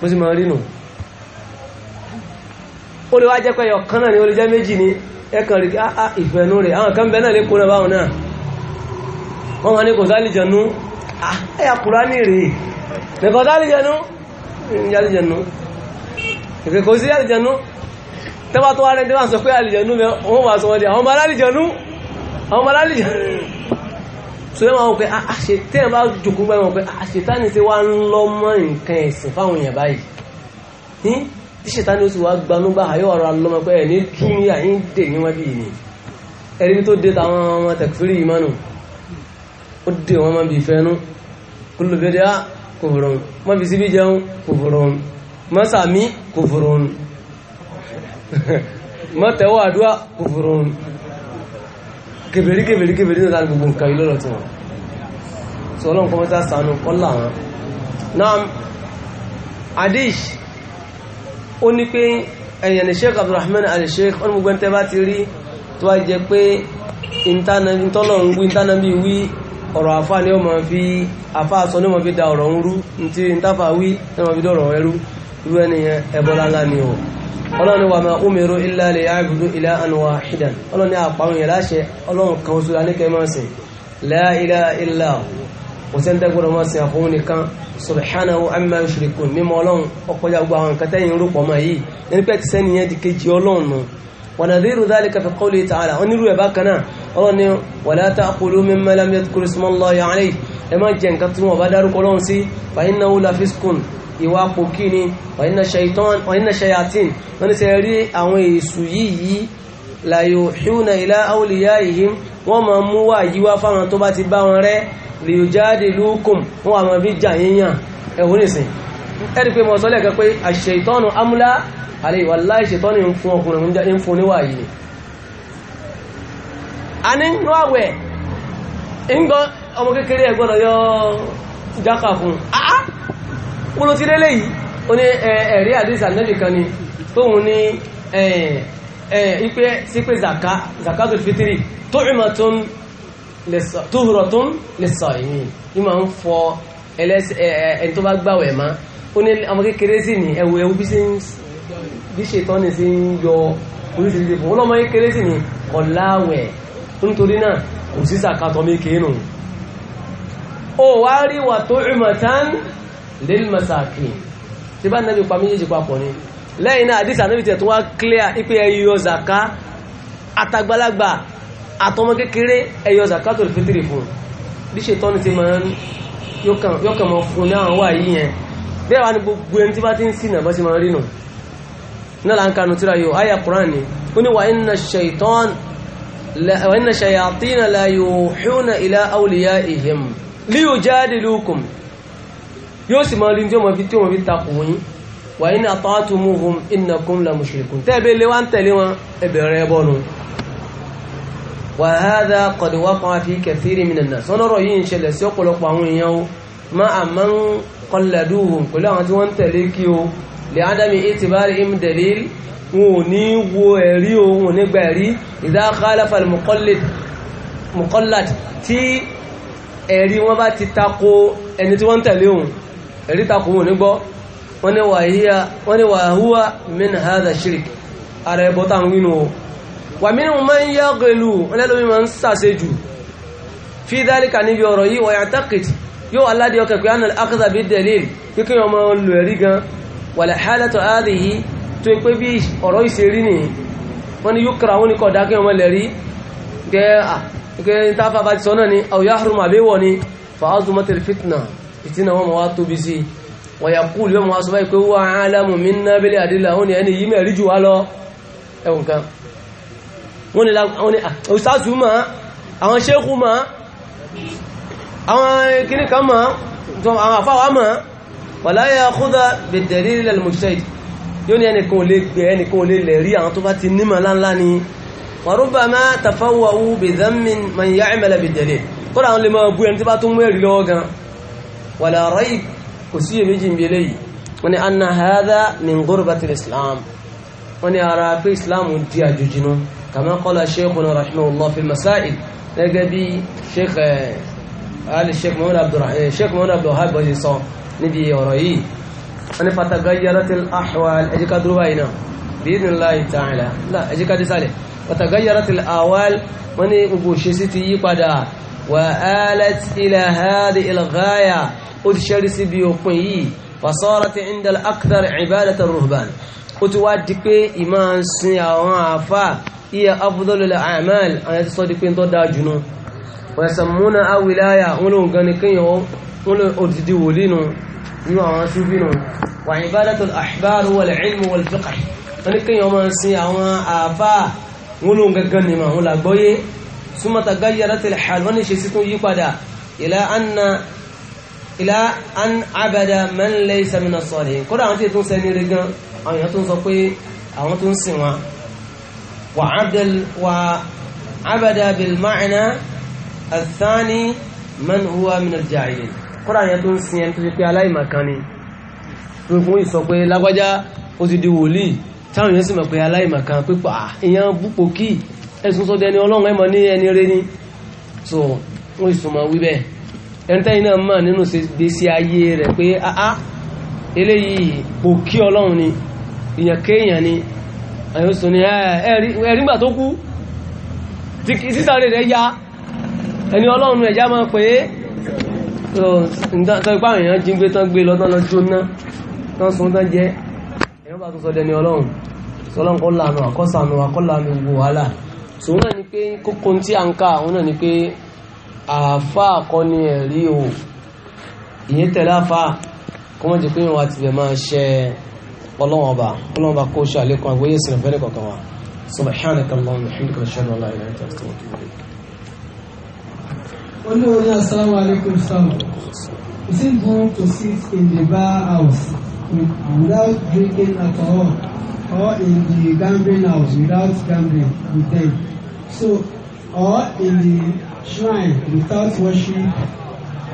ó sì máa rí nù ó lè wá jẹ́ pẹ́yọ̀ kan náà ni ó lè jẹ́ méjì ni ẹkàn rí àà ah, ah, ìfẹ̀nú rẹ̀ àwọn kan bẹ náà lè kó náà báwọn náà wọ́n ma ní kò sálìjẹ̀nú ah, ẹ̀yà kùránì rẹ̀ nìkan sálìjẹ̀nú ìyálìjẹ̀nú ìkẹ̀kọ́ sí àlìjẹ̀nú tẹ́bà tó wá rẹ̀ tẹ́bà sọ pé àlìjẹ̀nú wọ́n wà sọ wọ́n tí ṣètánì ó sì wá gbanúgbà ayọ́ ọ̀rọ̀ alọ́mọ pé ẹ̀ní tú ní àyín dè ní wọ́n bí ní ẹ̀rí tó dé táwọn ọmọ tẹ̀kfírí yìí mánu ó dé wọn máa bí fẹ́nu kúlùbẹ́dẹ́ á kò fòrò ń máa fi síbí jẹun kò fòrò ń máa sàmí kò fòrò ń máa tẹ̀wọ́ àdúrà kò fòrò ń kèbèrí kèbèrí kèbèrí adish ó ní pé ẹ̀yàn Sheikh Abdurrahman al-Sheikh ọ́n gbogbo ẹntẹ́ bá ti rí tó wá jẹ pé ìtọ́lọ̀ ń wí ìtànà bí wí ọ̀rọ̀ àfá ni ó ma fi àfá sọ ní ó ma fi da ọ̀rọ̀ ń rú tí ìtàfà wí ní ó fi dọ̀rọ̀ ẹrú irú ẹniyàn ẹbọ́lá ńlá ni ó ọlọ́run ni wà máa umiru illa liya'budu ilahan wahidan ọlọ́run ni àpàwọn yẹ̀ láṣẹ ọlọ́run kan oṣù la máa sìn la ilaha illa kò sí ẹ̀ńtẹ́ gbọ́dọ̀ máa sin àfọwọ́ nìkan subhanahu amma yushrikun mímọ́ ọlọ́run ọkọjá gbogbo àwọn nǹkan tẹ́yìn rúpọ̀ mọ́ yìí ní pẹ́ ti sẹ́ni yẹn di kejì ọlọ́run nù wa nadhiru dhalika fi qawli ta'ala wọn nílùú ẹ̀ bá kan náà ọlọ́run ni wala ta'kulu mimma lam yadhkuru ismullahi alayhi ẹ má jẹ nǹkan tí wọn la yuhuna ila awliyaihim wọ́n máa mú wà yíwá fáwọn tó bá ti bá wọn rẹ́ li yujadilukum wọ́n àmọ́ bí jà yíyàn ẹ̀hún nìsín ẹ̀rí pé mọ̀ sọ́lẹ̀ kan pé ash-shaytanu amla alayhi wallahi ash-shaytanu ń fún ọkùnrin ń fún níwà yìí ipe sí pé zaka zakatul fitiri tó ìmọ̀tún tóhùrọ̀tún lè sọ ìní ìmọ̀ ń fọ eh, eh, ẹni tó bá gbàwẹ̀ má ó ní ọmọ kékeré sí ní ẹwù ẹwù bí ṣe tán ní sí ń yọ oríṣiríṣi fún ọlọ́mọ kékeré sí ní ọ̀láwẹ̀ nítorí náà kò sí zakatọ̀ mékèé nù ó wá rí wà tó ìmọ̀tán lè mọ̀sàkì tí bá nàbí pa méjèèjì papọ̀ ni lẹ́yìn náà àdísà níbi tẹ̀ tó wá clear ipé ẹyọ zaka àtàgbàlagbà àtọmọ kékeré ẹyọ zaka tó fitiri fún bí ṣètọ́ ni ti máa ń yọkàn mọ́ fún náà wà yí yẹn bẹ́ẹ̀ wá ní gbogbo ẹni tí bá ti ń sìn náà bá ti máa rí nù náà là ń kanu tíra yóò àyà Qur'an ni ó ní wa inna shaytan wa inna shayatina la yuhuna ila awliyaihim liyujadilukum yóò sì wà ní ata'tumuhum innakum la mushrikun tẹ́ẹ̀bẹ̀ lè wá ń tẹ̀lé wọn ẹbẹ̀rẹ̀ bọ́nu wa hadha qad waqa'a fi kathirin minan nas sọ́nọ́rọ̀ yìí ń ṣẹlẹ̀ sí ọ̀pọ̀lọpọ̀ àwọn èèyàn o ma'a man qalladuhum pẹ̀lú àwọn tí wọ́n ń tẹ̀lé kí o li'adami itibarihim dalil wọn ò ní wo ẹ̀rí o wọn ò ní gba ẹ̀rí idha khalafa al tí ẹ̀rí wọn bá ti tako ẹni tí wọ́n ń tẹ̀lé òun ẹ̀rí tako wọn ò ní gbọ́ wọ́n ni wàhúwà min hadha shirk ààrẹ ẹbọ́ta ń wínú o wà mínú ma ń yá gẹ̀lú ọlẹ́lómi ma ń sàṣe jù fi dhalika níbi ọ̀rọ̀ yìí wọ̀yà taqit yóò aládìí ọkẹ̀ pé ánà akọ́ta bí dalil kíkẹ́ ọmọ lò ẹ̀rí gan wàlẹ̀ hálẹ́tọ̀ áàdì yìí tó pé bí ọ̀rọ̀ ìṣerí ni wọ́n ni yóò kra wọn ni kọ̀dá kí ọmọ lẹ̀rí gẹ́ táfà ti sọ náà ni àwòyá àrùn àbẹ́wọ̀ ni fàázùmọ́tẹ̀lì fitna ìtìnà wọn mọ̀ wá wọ̀yàkúl yóò máa sọ báyìí pé wọ́n alámù mi ná bílẹ̀ àdílà ó ní ẹni yìí mẹ́rin jù wá lọ ẹwùn kan wọ́n ni ọ̀sásù ma àwọn ṣékù ma àwọn kìníkà ma àwọn àfáwà ma wàláyé akúdá bẹ̀dẹ̀rí ilẹ̀ mọ̀ṣẹ́d yóò ní ẹnìkan lè lè kò sí èméjì ń bí eléyìí wọ́n ni anna hadha min ghurbatil islam wọ́n ni ara pé islam di àjòjì nu kama qala shaykhuna rahimahullah fi masail gẹ́gẹ́ bí sheikh eh, ali sheikh muhammad abdulrahman eh, sheikh muhammad wa alat ila hadhihi al-ghaya ó ti ṣẹ́rí sí bí òpin yìí fasorati indal akthar ibadata ruhban ó ti wá di pé ìmọ̀ ń sin àwọn àfà iya afdalul a'mal àwọn ti sọ di pé ń tọ́ da jù nù wọ́n sọ múna awilaya wọn ló ń gan ni kéèyàn wọn ló òdìdí wòlíì nù nínú àwọn ṣubí nù wà ibadatul ahbar wal ilmu wal fiqh wọn ni kéèyàn ilá an abada man laysa mina salihin kódà àwọn tí ètò ń sẹ́ni rẹ̀ gan àwọn èèyàn tó ń sọ pé àwọn tó ń sìn wọn wà abada bil ma'na athani man huwa min al-jahilin kódà àwọn tó ń sìn ẹni tó fi pé aláìmọ̀kan ni tó fún ìsọ pé lágbájá ó ti di wòlíì táwọn èèyàn sì mọ̀ pé aláìmọ̀kan pípa ah, èèyàn búpo kí ẹ̀sùn sọ́dẹ̀ ni ọlọ́run ẹ̀mọ́ ní ẹni rẹ̀ ni so wọ́n ìsọmọ wíbẹ̀ ẹ̀ntẹ́ iná mọ̀ nínú gbèsè ayé rẹ̀ pé àá eléyìí kò kí ọlọ́run ni èèyàn kéèyàn ni àyàn sọ ni ẹ̀rígbà tó kú sísàrè rẹ̀ ya ẹni ọlọ́run ẹ̀já máa pé sọ ipá èèyàn jí gbé tán gbé lọ́tán lọ jóná tán sun tán jẹ́ èèyàn bá tún sọ dẹni ọlọ́run sọlọ́run kọ́ lànà àkọ́sànù àkọ́lànà gbogbo wàhálà sòun náà ni pé kókó tí a ń ká òun náà ni pé àfá kọ́ ní ẹ̀rí o ìyẹn tẹ̀lé àfá kọ́ mọ́ ti pín wa ti lè máa ṣe ọlọ́wọ́n ọba ọlọ́wọ́n ọba kó ṣe àlékún àgbóyè sínú fẹ́lẹ́ kọ̀ọ̀kan wa subhanaka Allahumma wa bihamdika ashhadu an la ilaha illa anta astaghfiruka Olúwọ́lé Assalamu alaikum Sam. to sit in the bar house without drinking alcohol or in the gambling house without gambling with them? So, or in the shrine without worship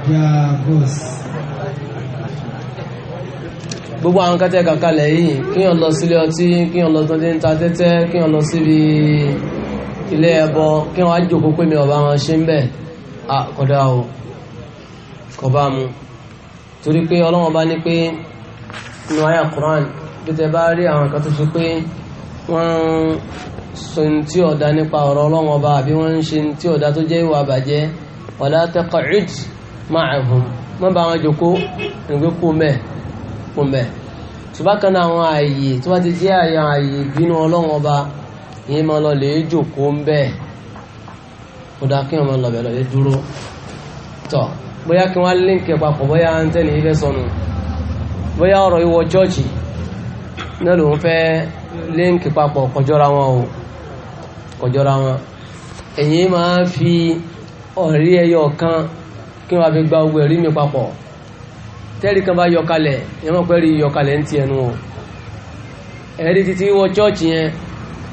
their gods. gbogbo àwọn kẹtẹ kàkalẹ̀ yìí kíyàn lọ sílé ọtí kíyàn lọ tó ń ta tẹ́tẹ́ kíyàn lọ síbi ilé ẹbọ kíyàn wá jókòó pé mi ọba wọn ṣe ń bẹ̀ kódà o kò bá mu torí pé Ọlọ́run bá ní pé inú àyà Quran bí tẹ bá rí àwọn kan tó ṣe pé wọ́n sun tí ọ̀dá nípa ọ̀rọ̀ ọlọ́run ọba àbí wọ́n ń ṣe tí ọ̀dá tó jẹ́ ìwà àbàjẹ́ wala taq'ud ma'ahum má bá wọn jòkó nígbé kúmẹ̀ kúmẹ̀ ṣùgbọ́n kan náà àwọn ààyè tó bá ti jẹ́ àyè ààyè ìbínú ọlọ́run ọba ìyẹn máa lọ lè jòkó ń bẹ́ẹ̀ kó dáa kí wọn máa lọ̀bẹ̀ lọ́lẹ́ dúró tọ̀ bóyá kí wọ́n líǹkì papọ̀ bóyá ń tẹ́lẹ̀ sọnù kọjọ́ra wọn ẹ̀yin máa fi ọ̀rí ẹyọ kan kí wọ́n fi gba ogbó ẹ̀rí mi papọ̀ tẹ́rì kan bá yọkalẹ̀ yẹn mọ̀ pé rí yọkalẹ̀ ń ti ẹnu o ẹ̀rí títí wọ chọ́ọ̀chì yẹn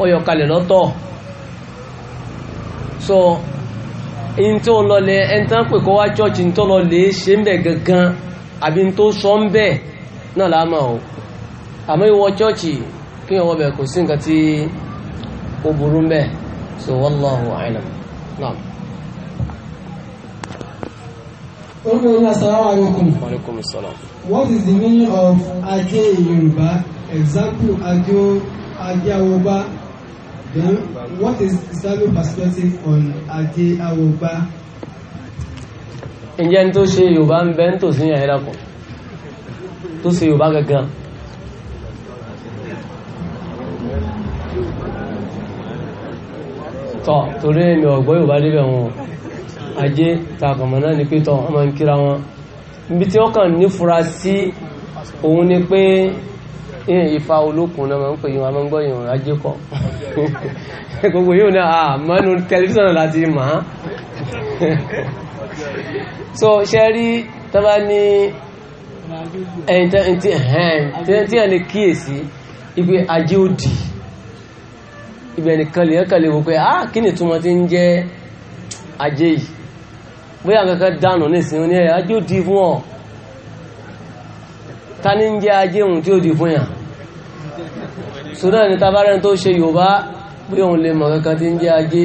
ó yọkalẹ̀ lọ́tọ̀ so in tó lọlẹ̀ ẹni tán pè kọ́ wá chọ́ọ̀chì ń tó lọlẹ̀ ṣe ń bẹ̀ gangan àbí ń tó sọ ń bẹ̀ náà láàmà o àmọ́ ìwọ chọ́ọ̀chì kí wọ́n bẹ̀ kò sí nǹkan tí ó burú mbẹ so wallahu a'lam naam. Okay, assalamu alaikum. Wa alaikum assalam. What is the meaning of Ajé Yorùbá? Example Ajo Ajawoba. Then what is Islamic perspective on Ajé Awoba? Ǹjẹ́ n tó ṣe Yorùbá ń bẹ́ ń tòsí ẹ̀rọ kan tó ṣe Yorùbá gangan. tọ́ torí mi ọ̀gbọ́ yóò bá débẹ̀ wọn ajé takọ̀mọ̀ náà ni pé tọ́ ọmọ ń kíra wọn ibi tí wọ́n kàn nífura sí òun ni pé ìfà olókun náà máa ń pè yín a máa ń gbọ́ yín wọn ajé kọ́ gbogbo yóò ní à ah, mọ́nu tẹlifíṣàn láti mọ̀ á so ṣe rí tọ́ba ní ẹ̀yìn tí ẹ̀ lè kíyèsí ibi ajé òdì ibẹ̀ nìkan lè yẹn kàlẹ́ wò pé ah kí ni túmọ̀ ti ń jẹ́ ajé yìí bóyá kankan dànù nísìnyí ní ẹ̀ ajé ò di fún ọ ta ni ń jẹ́ ajé òun tí ó di fún yàn sódà ní tabarẹ́ni tó ṣe yorùbá bóyá òun lè mọ̀ kankan ti ń jẹ́ ajé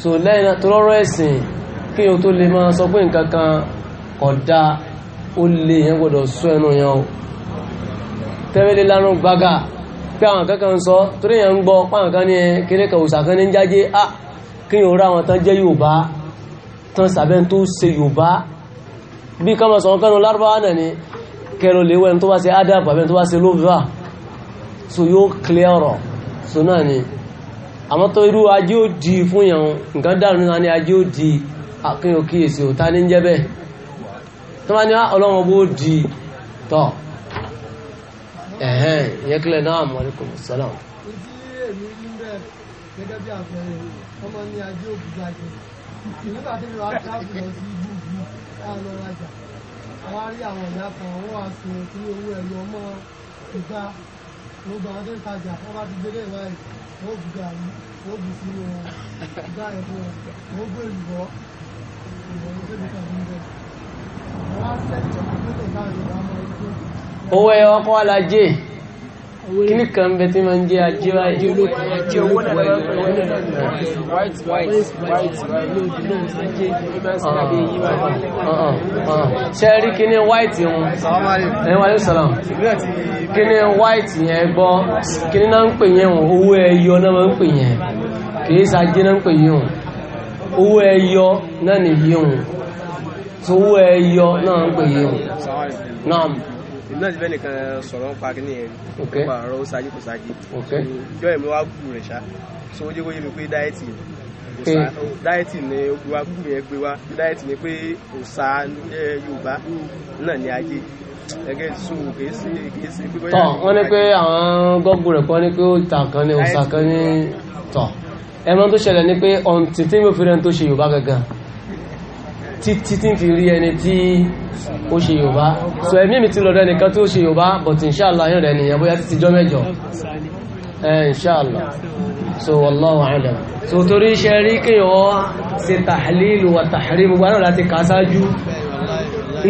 so lẹ́yìn tó lọ́rọ̀ ẹ̀sìn kí o tó lè máa sọ pé nǹkan kan ọ̀dá ó lè yẹn gbọ́dọ̀ sọ ẹnu yẹn o tẹ́wẹ́lẹ́ gbága pé àwọn kankan sọ torí yẹn ń gbọ́ páwọn kan ní kéré kàwùsà kan ní jáde ah kí yóò rá àwọn tán jẹ́ Yorùbá tán sàbẹ́ tó ṣe Yorùbá bí kọ́mọ̀ sọ kánú lárúbáwá náà ni kẹrò léwẹ́ tó bá ṣe adab àbẹ́ tó bá ṣe lóbíwá so yóò clear ọ̀rọ̀ so náà ni àmọ́ tó irú ajé ó di fún yàn nǹkan dànù náà ni ajé ó di akínyàn kíyèsí ò ta ní jẹ́ bẹ́ẹ̀ tó bá ní ọlọ́wọ́n bó di tọ́ ẹ̀hẹ́n ìyẹn kílẹ̀ náà mọ̀ ní kò mọ̀ sọ́lá. etí èmi ń bẹ̀ gẹ́gẹ́ bí àpẹẹrẹ ọmọ ní ajé òkúta jẹ nígbà tí wọ́n á tábìlì lọ sí ibú ìlú káà rajà àwọn rí àwọn ìyá kan wọ́n á sọ owó ẹ̀yọ ọmọ ìgbà gbogbo àwọn tó ń tajà wọ́n bá ti gbé dé ìwáyé wọ́n bù gàrí wọ́n bù sí wọn ìgbà ẹ̀fọ́ wọ́n gbé ìwọ́ ìwọ́ ló dé nípa bẹ́ẹ̀ wọ́n á sẹ́yìn tó tẹ̀ káàkiri àwọn ọmọ ẹgbẹ́ owó ẹ ọkọ̀ alájẹ́ kíní kan bẹ tí ma ń jẹ́ ajé báyìí ṣe uh-huh, uh-huh, uh-huh. rí kíní white wọn ẹ̀yìn wáyé sọ́lá kíní white yẹn gbọ́ kíní náà ń pè yẹn wọn owó ẹyọ náà máa ń pè yẹn kìí ṣajé náà ń pè yẹn wọn owó ẹyọ náà nìyí wọn owó ẹyọ náà ń pè yẹn wọn náà èmi náà ti fẹ́ nìkan sọ̀rọ̀ ń pa kíní yẹn rí nípa ọ̀rọ̀ ó ṣáájú kò ṣáájú ìjọ ẹ̀mí wá kú rẹ̀ ṣá so ó jẹ́ kó yé mi pé dáẹ́tì dáẹ́tì ni ó gbé wá kú yẹn gbé wá dáẹ́tì ni pé òòṣà Yorùbá náà ni ajé gẹ́gẹ́ sùn kìí sí kìí sí pípẹ́ tọ wọn ní pé àwọn gọgù rẹ kọ ní pé ó ta kan ní òòṣà kan ní tọ ẹran tó ṣẹlẹ̀ ní pé ọ̀ǹtì tí mo fi rẹ̀ tó ṣe Yorùbá gangan títí tí ń fi rí ẹni tí ó ṣe yorùbá so ẹ̀mí mi ti lọ́dọ̀ ẹnìkan tí ó ṣe yorùbá but inshallah yóò rẹ̀ nìyẹn bóyá títí jọ́ mẹ́jọ inshallah so wallahu alam so torí iṣẹ́ rí kéèyàn ṣe tahlil wa tahrim gbogbo náà láti kà sáájú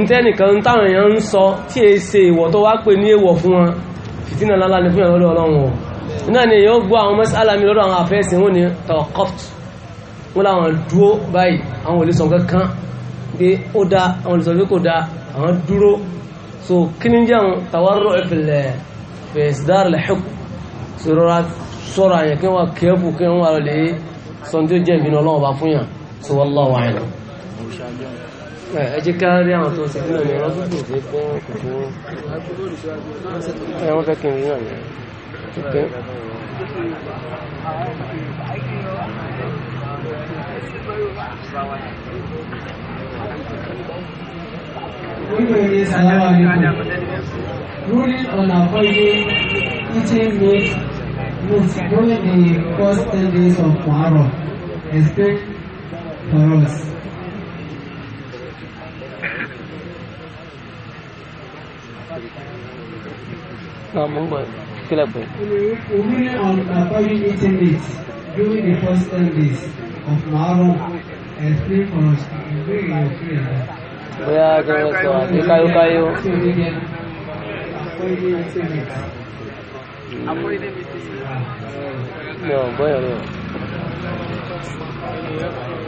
ntẹ́nìkan táwọn èèyàn ń sọ tí è ṣe ìwọ̀ tó wá pè ní èwọ̀ fún wọn fìtínà lálá ní fún ìrọ̀lọ́ ọlọ́run ọ̀ náà ni èèyàn gbọ́ àwọn mas'ala mi lọ́dọ̀ àwọn àfẹ́sìn wọn ni tawakọ́t wọn làwọn dúó báyìí àwọn ò lè sọ kankan pé ó da àwọn olùsọ pé kò da àwọn dúró so kí ni jẹ́ àwọn tawarọ̀ ìfìlẹ̀ fẹ̀sìdáàrì lẹ́xẹ̀kù sọ̀rọ̀ sọ̀rọ̀ àyẹ̀ kí wọ́n kẹ́ẹ̀bù kí wọ́n wà lè sọ tí ó jẹ́ ìbínú ọlọ́wọ́ fún yàn sọ wọ́n Thank you. Every Ruling on avoiding eating meat meats during the first 10 days of Muharram is for us. No, on. avoiding eating meat during the first 10 days of Muharram is for us. bóyá kí wọ́n sọ àti káyókáyó. Ibi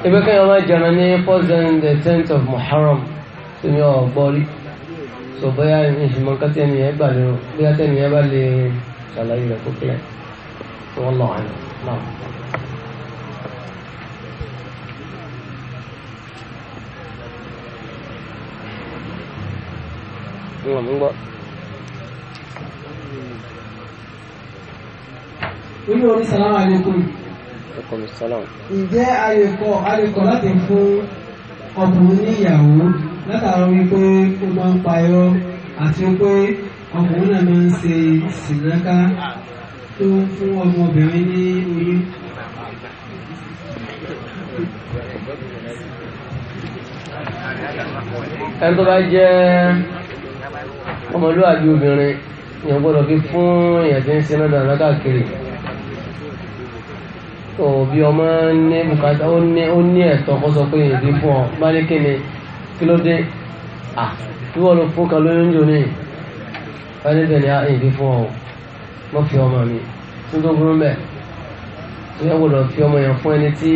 If you can imagine, ní first and the tenth of Muharram tí mi ò So bóyá ìṣùmọ̀ nǹkan tí ẹnìyẹn gbà lérò bóyá tí ẹnìyẹn bá lè ṣàlàyé No. wọn ń gbọ́. inú orí sàlámù alaikum. ẹ̀kọ́ mi sàlámù. ǹjẹ́ alẹ́kọ̀ alẹ́kọ̀ láti fún ọkùnrin ní ìyàwó látàrí wípé ó máa ń payọ́ àti pé ọkùnrin náà máa ń ṣe ìsìnláká tó ń fún ọmọbìnrin ní oyún. ẹni tó bá jẹ́ ọmọlúwàbí obìnrin èèyàn gbọ́dọ̀ fi fún èèyàn tí ń ṣe náà dáná káàkiri òbí ọmọ ní bùkátà ó ní ẹ̀tọ́ kó sọ pé èèyàn fi fún ọ bá ní kíni kí ló dé à kí wọ́n lọ fún kan lóyún jò ní bá ní bẹ̀rẹ̀ èèyàn fi fún ọ mọ́ fi ọmọ mi tó tó burú bẹ́ẹ̀ tó yẹ gbọ́dọ̀ fi ọmọ yẹn fún ẹni tí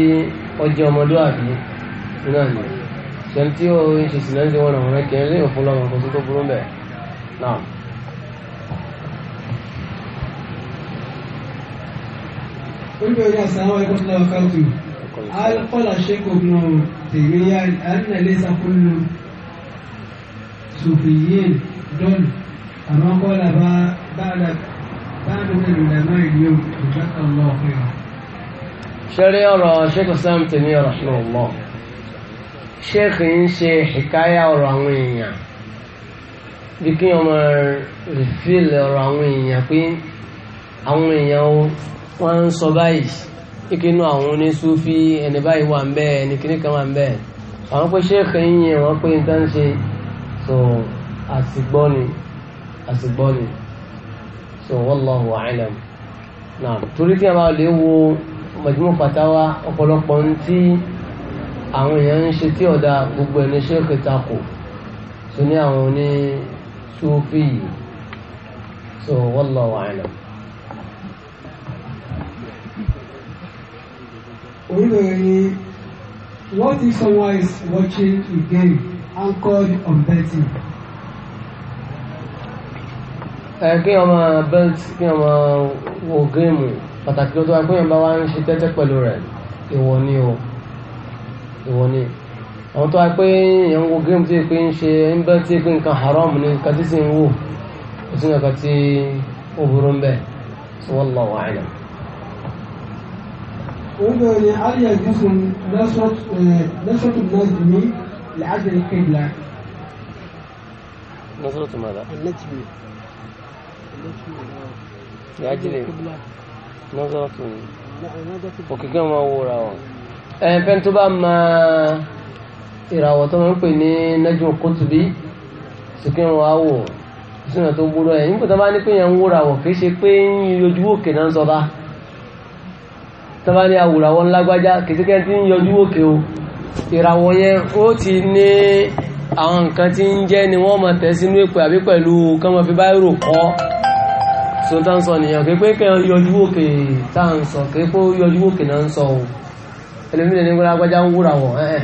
ó jẹ́ ọmọlúwàbí náà ni ṣẹ́ni tí ó ń ṣe sílẹ̀ ń ṣe wọn àwọn ẹ̀kẹ́ lé òfin lọ́wọ́ kó tó burú bẹ́ẹ̀ náà. olùbẹ̀rẹ̀ àsàwọn ẹ̀kọ́ tó lọ́wọ́ káàtó alukọ́là ṣẹ́kọ̀ gbọ́n tèmi alínàlẹ́ sàkóńlò sòfìyìn dọ́lù àmọ́ kọ́là bá báàlù nínú ìdáná ìlú ìjọba ọlọ́ọ̀fẹ́ rẹ̀. ṣeré ọ̀rọ̀ ṣẹ́kọ̀ sáàmù tèmi ọ̀rọ̀ ṣe ọ̀lọ́ ṣẹ́kì ń ṣe ìkáyà ọ̀rọ̀ àwọn èèyàn bí kí ọmọ rìfíìlì ọ̀rọ̀ àwọn èèyàn pé àwọn èèyàn wọ́n ń sọ báyìí ìkínú àwọn oníṣúfí ẹni báyìí wà ń bẹ́ẹ̀ ẹni kíní kan wà ń bẹ́ẹ̀ àwọn pé ṣéèkì yìí wọ́n pé ń tán ṣe so àtìgbọ́ni àtìgbọ́ni so wallahu a'lam náà torí kí a máa lè wo majmu fatawa ọ̀pọ̀lọpọ̀ ń tí àwọn èèyàn ń ṣe tí ọ̀dà gbogbo ẹni ṣéèkì takò so ní àwọn oní sufi so wallahu a'lam. Olùdarí what if someone is watching a game anchored on betting? ẹ kí ọmọ belt kí ọmọ wo géèmù pàtàkì tó tó wá pé ìyẹn bá wá ń ṣe tẹ́tẹ́ pẹ̀lú rẹ̀ ìwọ ni o ìwọ ni àwọn tó wá pé èèyàn wo géèmù tí pé ń ṣe ń bẹ́ tí pé nǹkan haram ni nǹkan tí sì ń wò kò sí nǹkan tí ó burú ń bẹ̀ sí wallahu a'lam. orúkọ ni aliya yusuf nasratu najmi làásì kébìlà. nasratu mada. najmi. làásì kébìlà. nasratu. òkè gan máa wúra wọn. ẹ̀ẹ́dẹ́gbẹ́ni tó bá máa ìràwọ̀ tó máa ń pè ní nẹ́jọ́ kótóbí sùkín wọn á wò sínú tó gbúdọ̀ ẹ̀ nígbà tó bá ní pé yẹn ń wúra wọ̀ kì í ṣe pé ń yọjú òkè náà ń sọ bá tó bá ní awùràwọ̀ ńlágbájá kì ṣe kẹ́ni ń yọjú òkè o ìràwọ̀ yẹn ó ti ní àwọn nǹkan tí ń jẹ́ ni wọ́n máa tẹ̀ sínú èpè àbí pẹ̀lú kán máa fi báyìrò kọ́ so tá ń sọ nìyàn kì í pé kẹ́ni yọjú òkè tá à ń sọ kì pé yọjú òkè náà ń sọ o ẹlòmíràn gbọ́dọ̀ agbájá ń wúra ẹ̀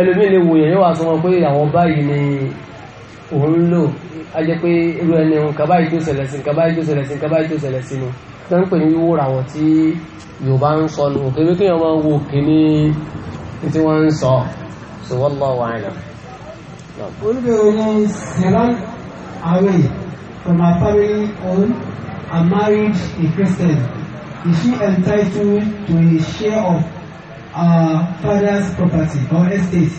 ẹlòmí lè wò yẹn yóò wá sọ pé àwọn báyìí ni òun lò á jẹ́ pé irú ẹni nǹkan báyìí tó ṣẹlẹ̀ sí nǹkan báyìí tó sí nǹkan báyìí tó sí ni tó ń pè ní wíwúra wọn tí yorùbá ń sọ nù òkè wípé wọn máa ń wo òkè ní tí wọn ń sọ so wallahu a'lam. olùbẹ̀rẹ̀ ni sarah away from her family own and married a Christian is she entitled to a share of uh, father's property or estate.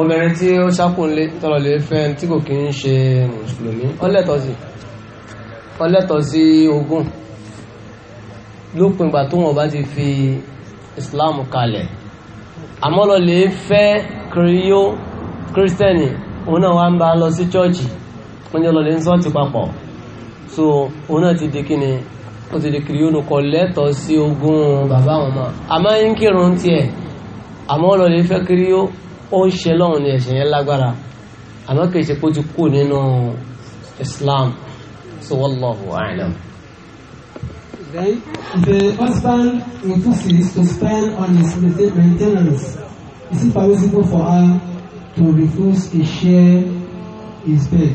obìnrin tí ó ṣàkúnlé tọrọ lè fẹ́ tí kò kí ń ṣe mùsùlùmí ọlẹ́tọ̀ọ́sì ọlẹ́tọ̀ọ́sì ogún lópin ìgbà tó wọn bá ti fi islam kalẹ̀ àmọ́ lọ lè fẹ́ kiriyó òun náà wá ń bá lọ sí chọ́ọ̀chì wọ́n jẹ́ lọ lè ń sọ́ọ̀tì papọ̀ so òun náà ti di kí ó ti di kìrìónù kọ lẹ́tọ̀ọ́ sí ogún bàbá àwọn ọmọ àmọ́ ń kírun tiẹ̀ àmọ́ ọlọ́lẹ̀ fẹ́ kiri ó ń ṣe lọ́hùn ní ẹ̀ṣẹ̀ yẹn lágbára àmọ́ kì ṣe pé ó ti kú nínú Islam so wallahu a'lam. Then the husband refuses to spend on his maintenance. Is it possible for her to refuse to share his bed?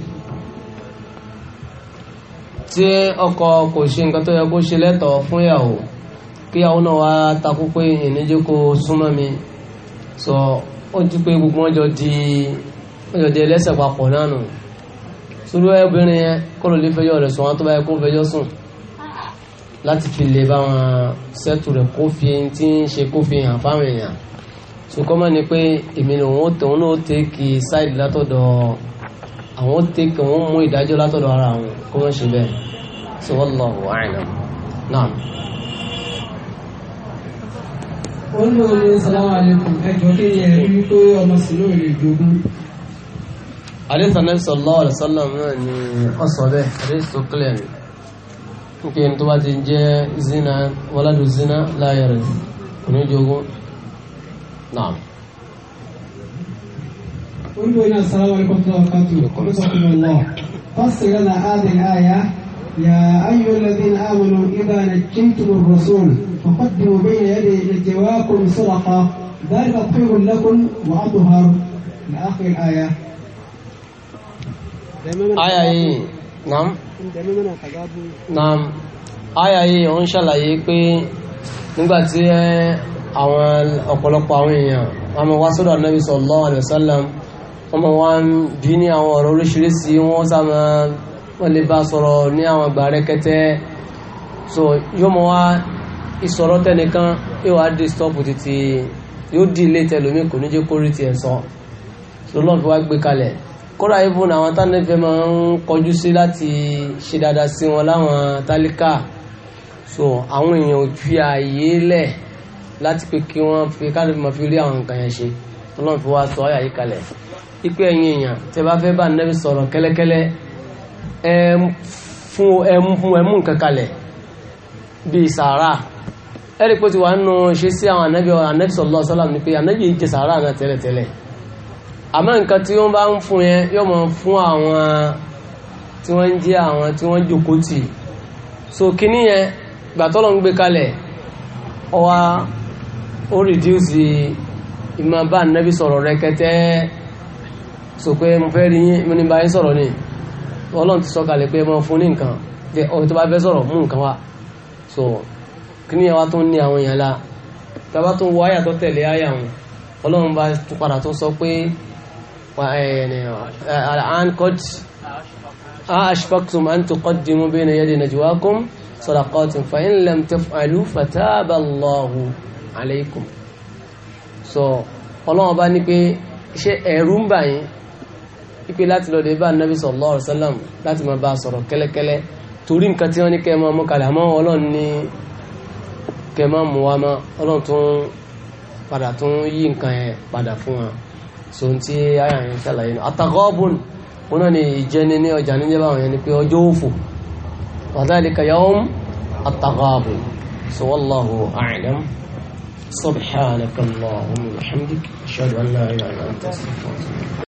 tí ọkọ kò ṣe nǹkan tó yẹ kó ṣe lẹ́tọ̀ọ́ fún ìyàwó kí ìyàwó náà wá takú pé ìníjẹ́ kó súnmọ́ mi sọ ó ti pé gbogbo wọn di wọn di ẹlẹ́sẹ̀ papọ̀ náà nù sórí obìnrin yẹn kó ló lè fẹjọ́ rẹ̀ sùn wọn tó bá yẹ kó fẹjọ́ sùn láti fi lè bá wọn sẹ́tù rẹ̀ kó fi tí ń ṣe kó fi hàn fáwọn èèyàn sùkọ́ mọ́ ni pé èmi lòun ó tòun náà ó tẹ́ kí sáìdì látọ̀dọ̀ àwọn tẹ́kẹ̀ wọ́n mú ìdájọ́ látọ̀dọ̀ ara àwọn kó wọ́n ṣe bẹ́ẹ̀ so wallahu a'lam náà. ó ní omi sàlámà lẹ́kùn ẹjọ́ kí ni ẹ̀rí wípé ọmọ sí ló náà ni tó bá ti jẹ́ zina waladu zina la kò ní jogún náà. انظر السلام عليكم ورحمه الله وبركاته رزقكم الله فسر لنا هذه الايه يا أيها الذين آمنوا اذا نجيتم الرسول فقدموا بين يدي نجواكم صدقه ذلك خير لكم واطهر لاخر الايه aya yìí نعم نعم آية yìí ó ń ṣàlàyé pé nígbàtí àwọn ọ̀pọ̀lọpọ̀ àwọn èèyàn a máa wá sọ́dọ̀ Ànábì sallallahu alaihi wasallam ọmọ wa ń bí ní àwọn ọ̀rọ̀ oríṣiríṣi wọ́n sáma wọ́n lè bá sọ̀rọ̀ ní àwọn àgbà rẹ́kẹ́tẹ́ so yóò mọ wá ìsọ̀rọ̀ tẹnìkan yóò wá dé stop títí yóò dì ilé tẹlómi kò ní jẹ́ kórè tiẹ̀ sọ lọ́nà fi wá gbé kalẹ̀ kódà ibùn àwọn tánẹ́fẹ́ máa ń kọjú sí láti ṣe dáadáa sí wọn láwọn tálíkà so àwọn èèyàn ò fi ààyè lẹ̀ láti pé kí wọ́n fi káàdì máa fi rí àwọn nǹkan yẹn ṣe lọ́nà fi wá sọ ayà yìí kalẹ̀ ipe ẹ̀yin èèyàn tẹ́ bá fẹ́ bá nẹ́bí sọ̀rọ̀ kẹ́lẹ́kẹ́lẹ́ ẹ fún ẹmú fún ẹmú nǹkan kalẹ̀ bíi sàárà ẹ̀rí pé ó ti wà nínú ṣe sí àwọn ànábì ànábì sallallahu alaihi wasallam ni pé ànábì jẹ sàárà náà tẹ́lẹ̀tẹ́lẹ̀ àmọ́ nǹkan tí wọ́n bá ń fún yẹn yóò mọ̀ fún àwọn tí wọ́n ń jẹ́ àwọn tí wọ́n jòkó tì so kíní yẹn gbàtọ́lọ̀ ń gbé kalẹ̀ ọwa ó rìdíùsì ìmọ̀ bá ànábì sọ̀rọ̀ rẹ̀kẹ́tẹ́ so pé mo fẹ́ rí yín mo ní bá yín sọ̀rọ̀ ni ọlọ́run ti sọ kalẹ̀ pé mo fún ní nǹkan jẹ ọ̀rọ̀ tó bá fẹ́ sọ̀rọ̀ mú nǹkan wá so kí ni àwa tó ń ní àwọn èèyàn la tábà tó ń wọ àyà tẹ̀lé àyà wọn ọlọ́run bá tún padà tó sọ pé àǹkọ́tì أشفقتم أن تقدموا بين يدي نجواكم صدقات فإن لم تفعلوا فتاب الله عليكم so ọlọ́run ọba ní pé ṣé ẹ̀rù ń bà yín ipe láti lọ dé bá anabi sallallahu alaihi wasallam láti máa bá a sọ̀rọ̀ kẹ́lẹ́kẹ́lẹ́ torí nǹkan tí wọ́n ní kẹ́ máa mú kalẹ̀ àmọ́ ọlọ́run ní kẹ́ máa mú wa máa ọlọ́run tún padà tún yí nǹkan yẹn padà fún wa so n ti àyà yẹn ṣàlàyé náà àtàkọ́bùn wọn náà ní ìjẹni ní ọjà níjẹ́ báwọn yẹn ni pé ọjọ́ òfò wadhalika yawm àtàkọ́bùn so wallahu a'lam subhanakallahumma wa bihamdik ashhadu an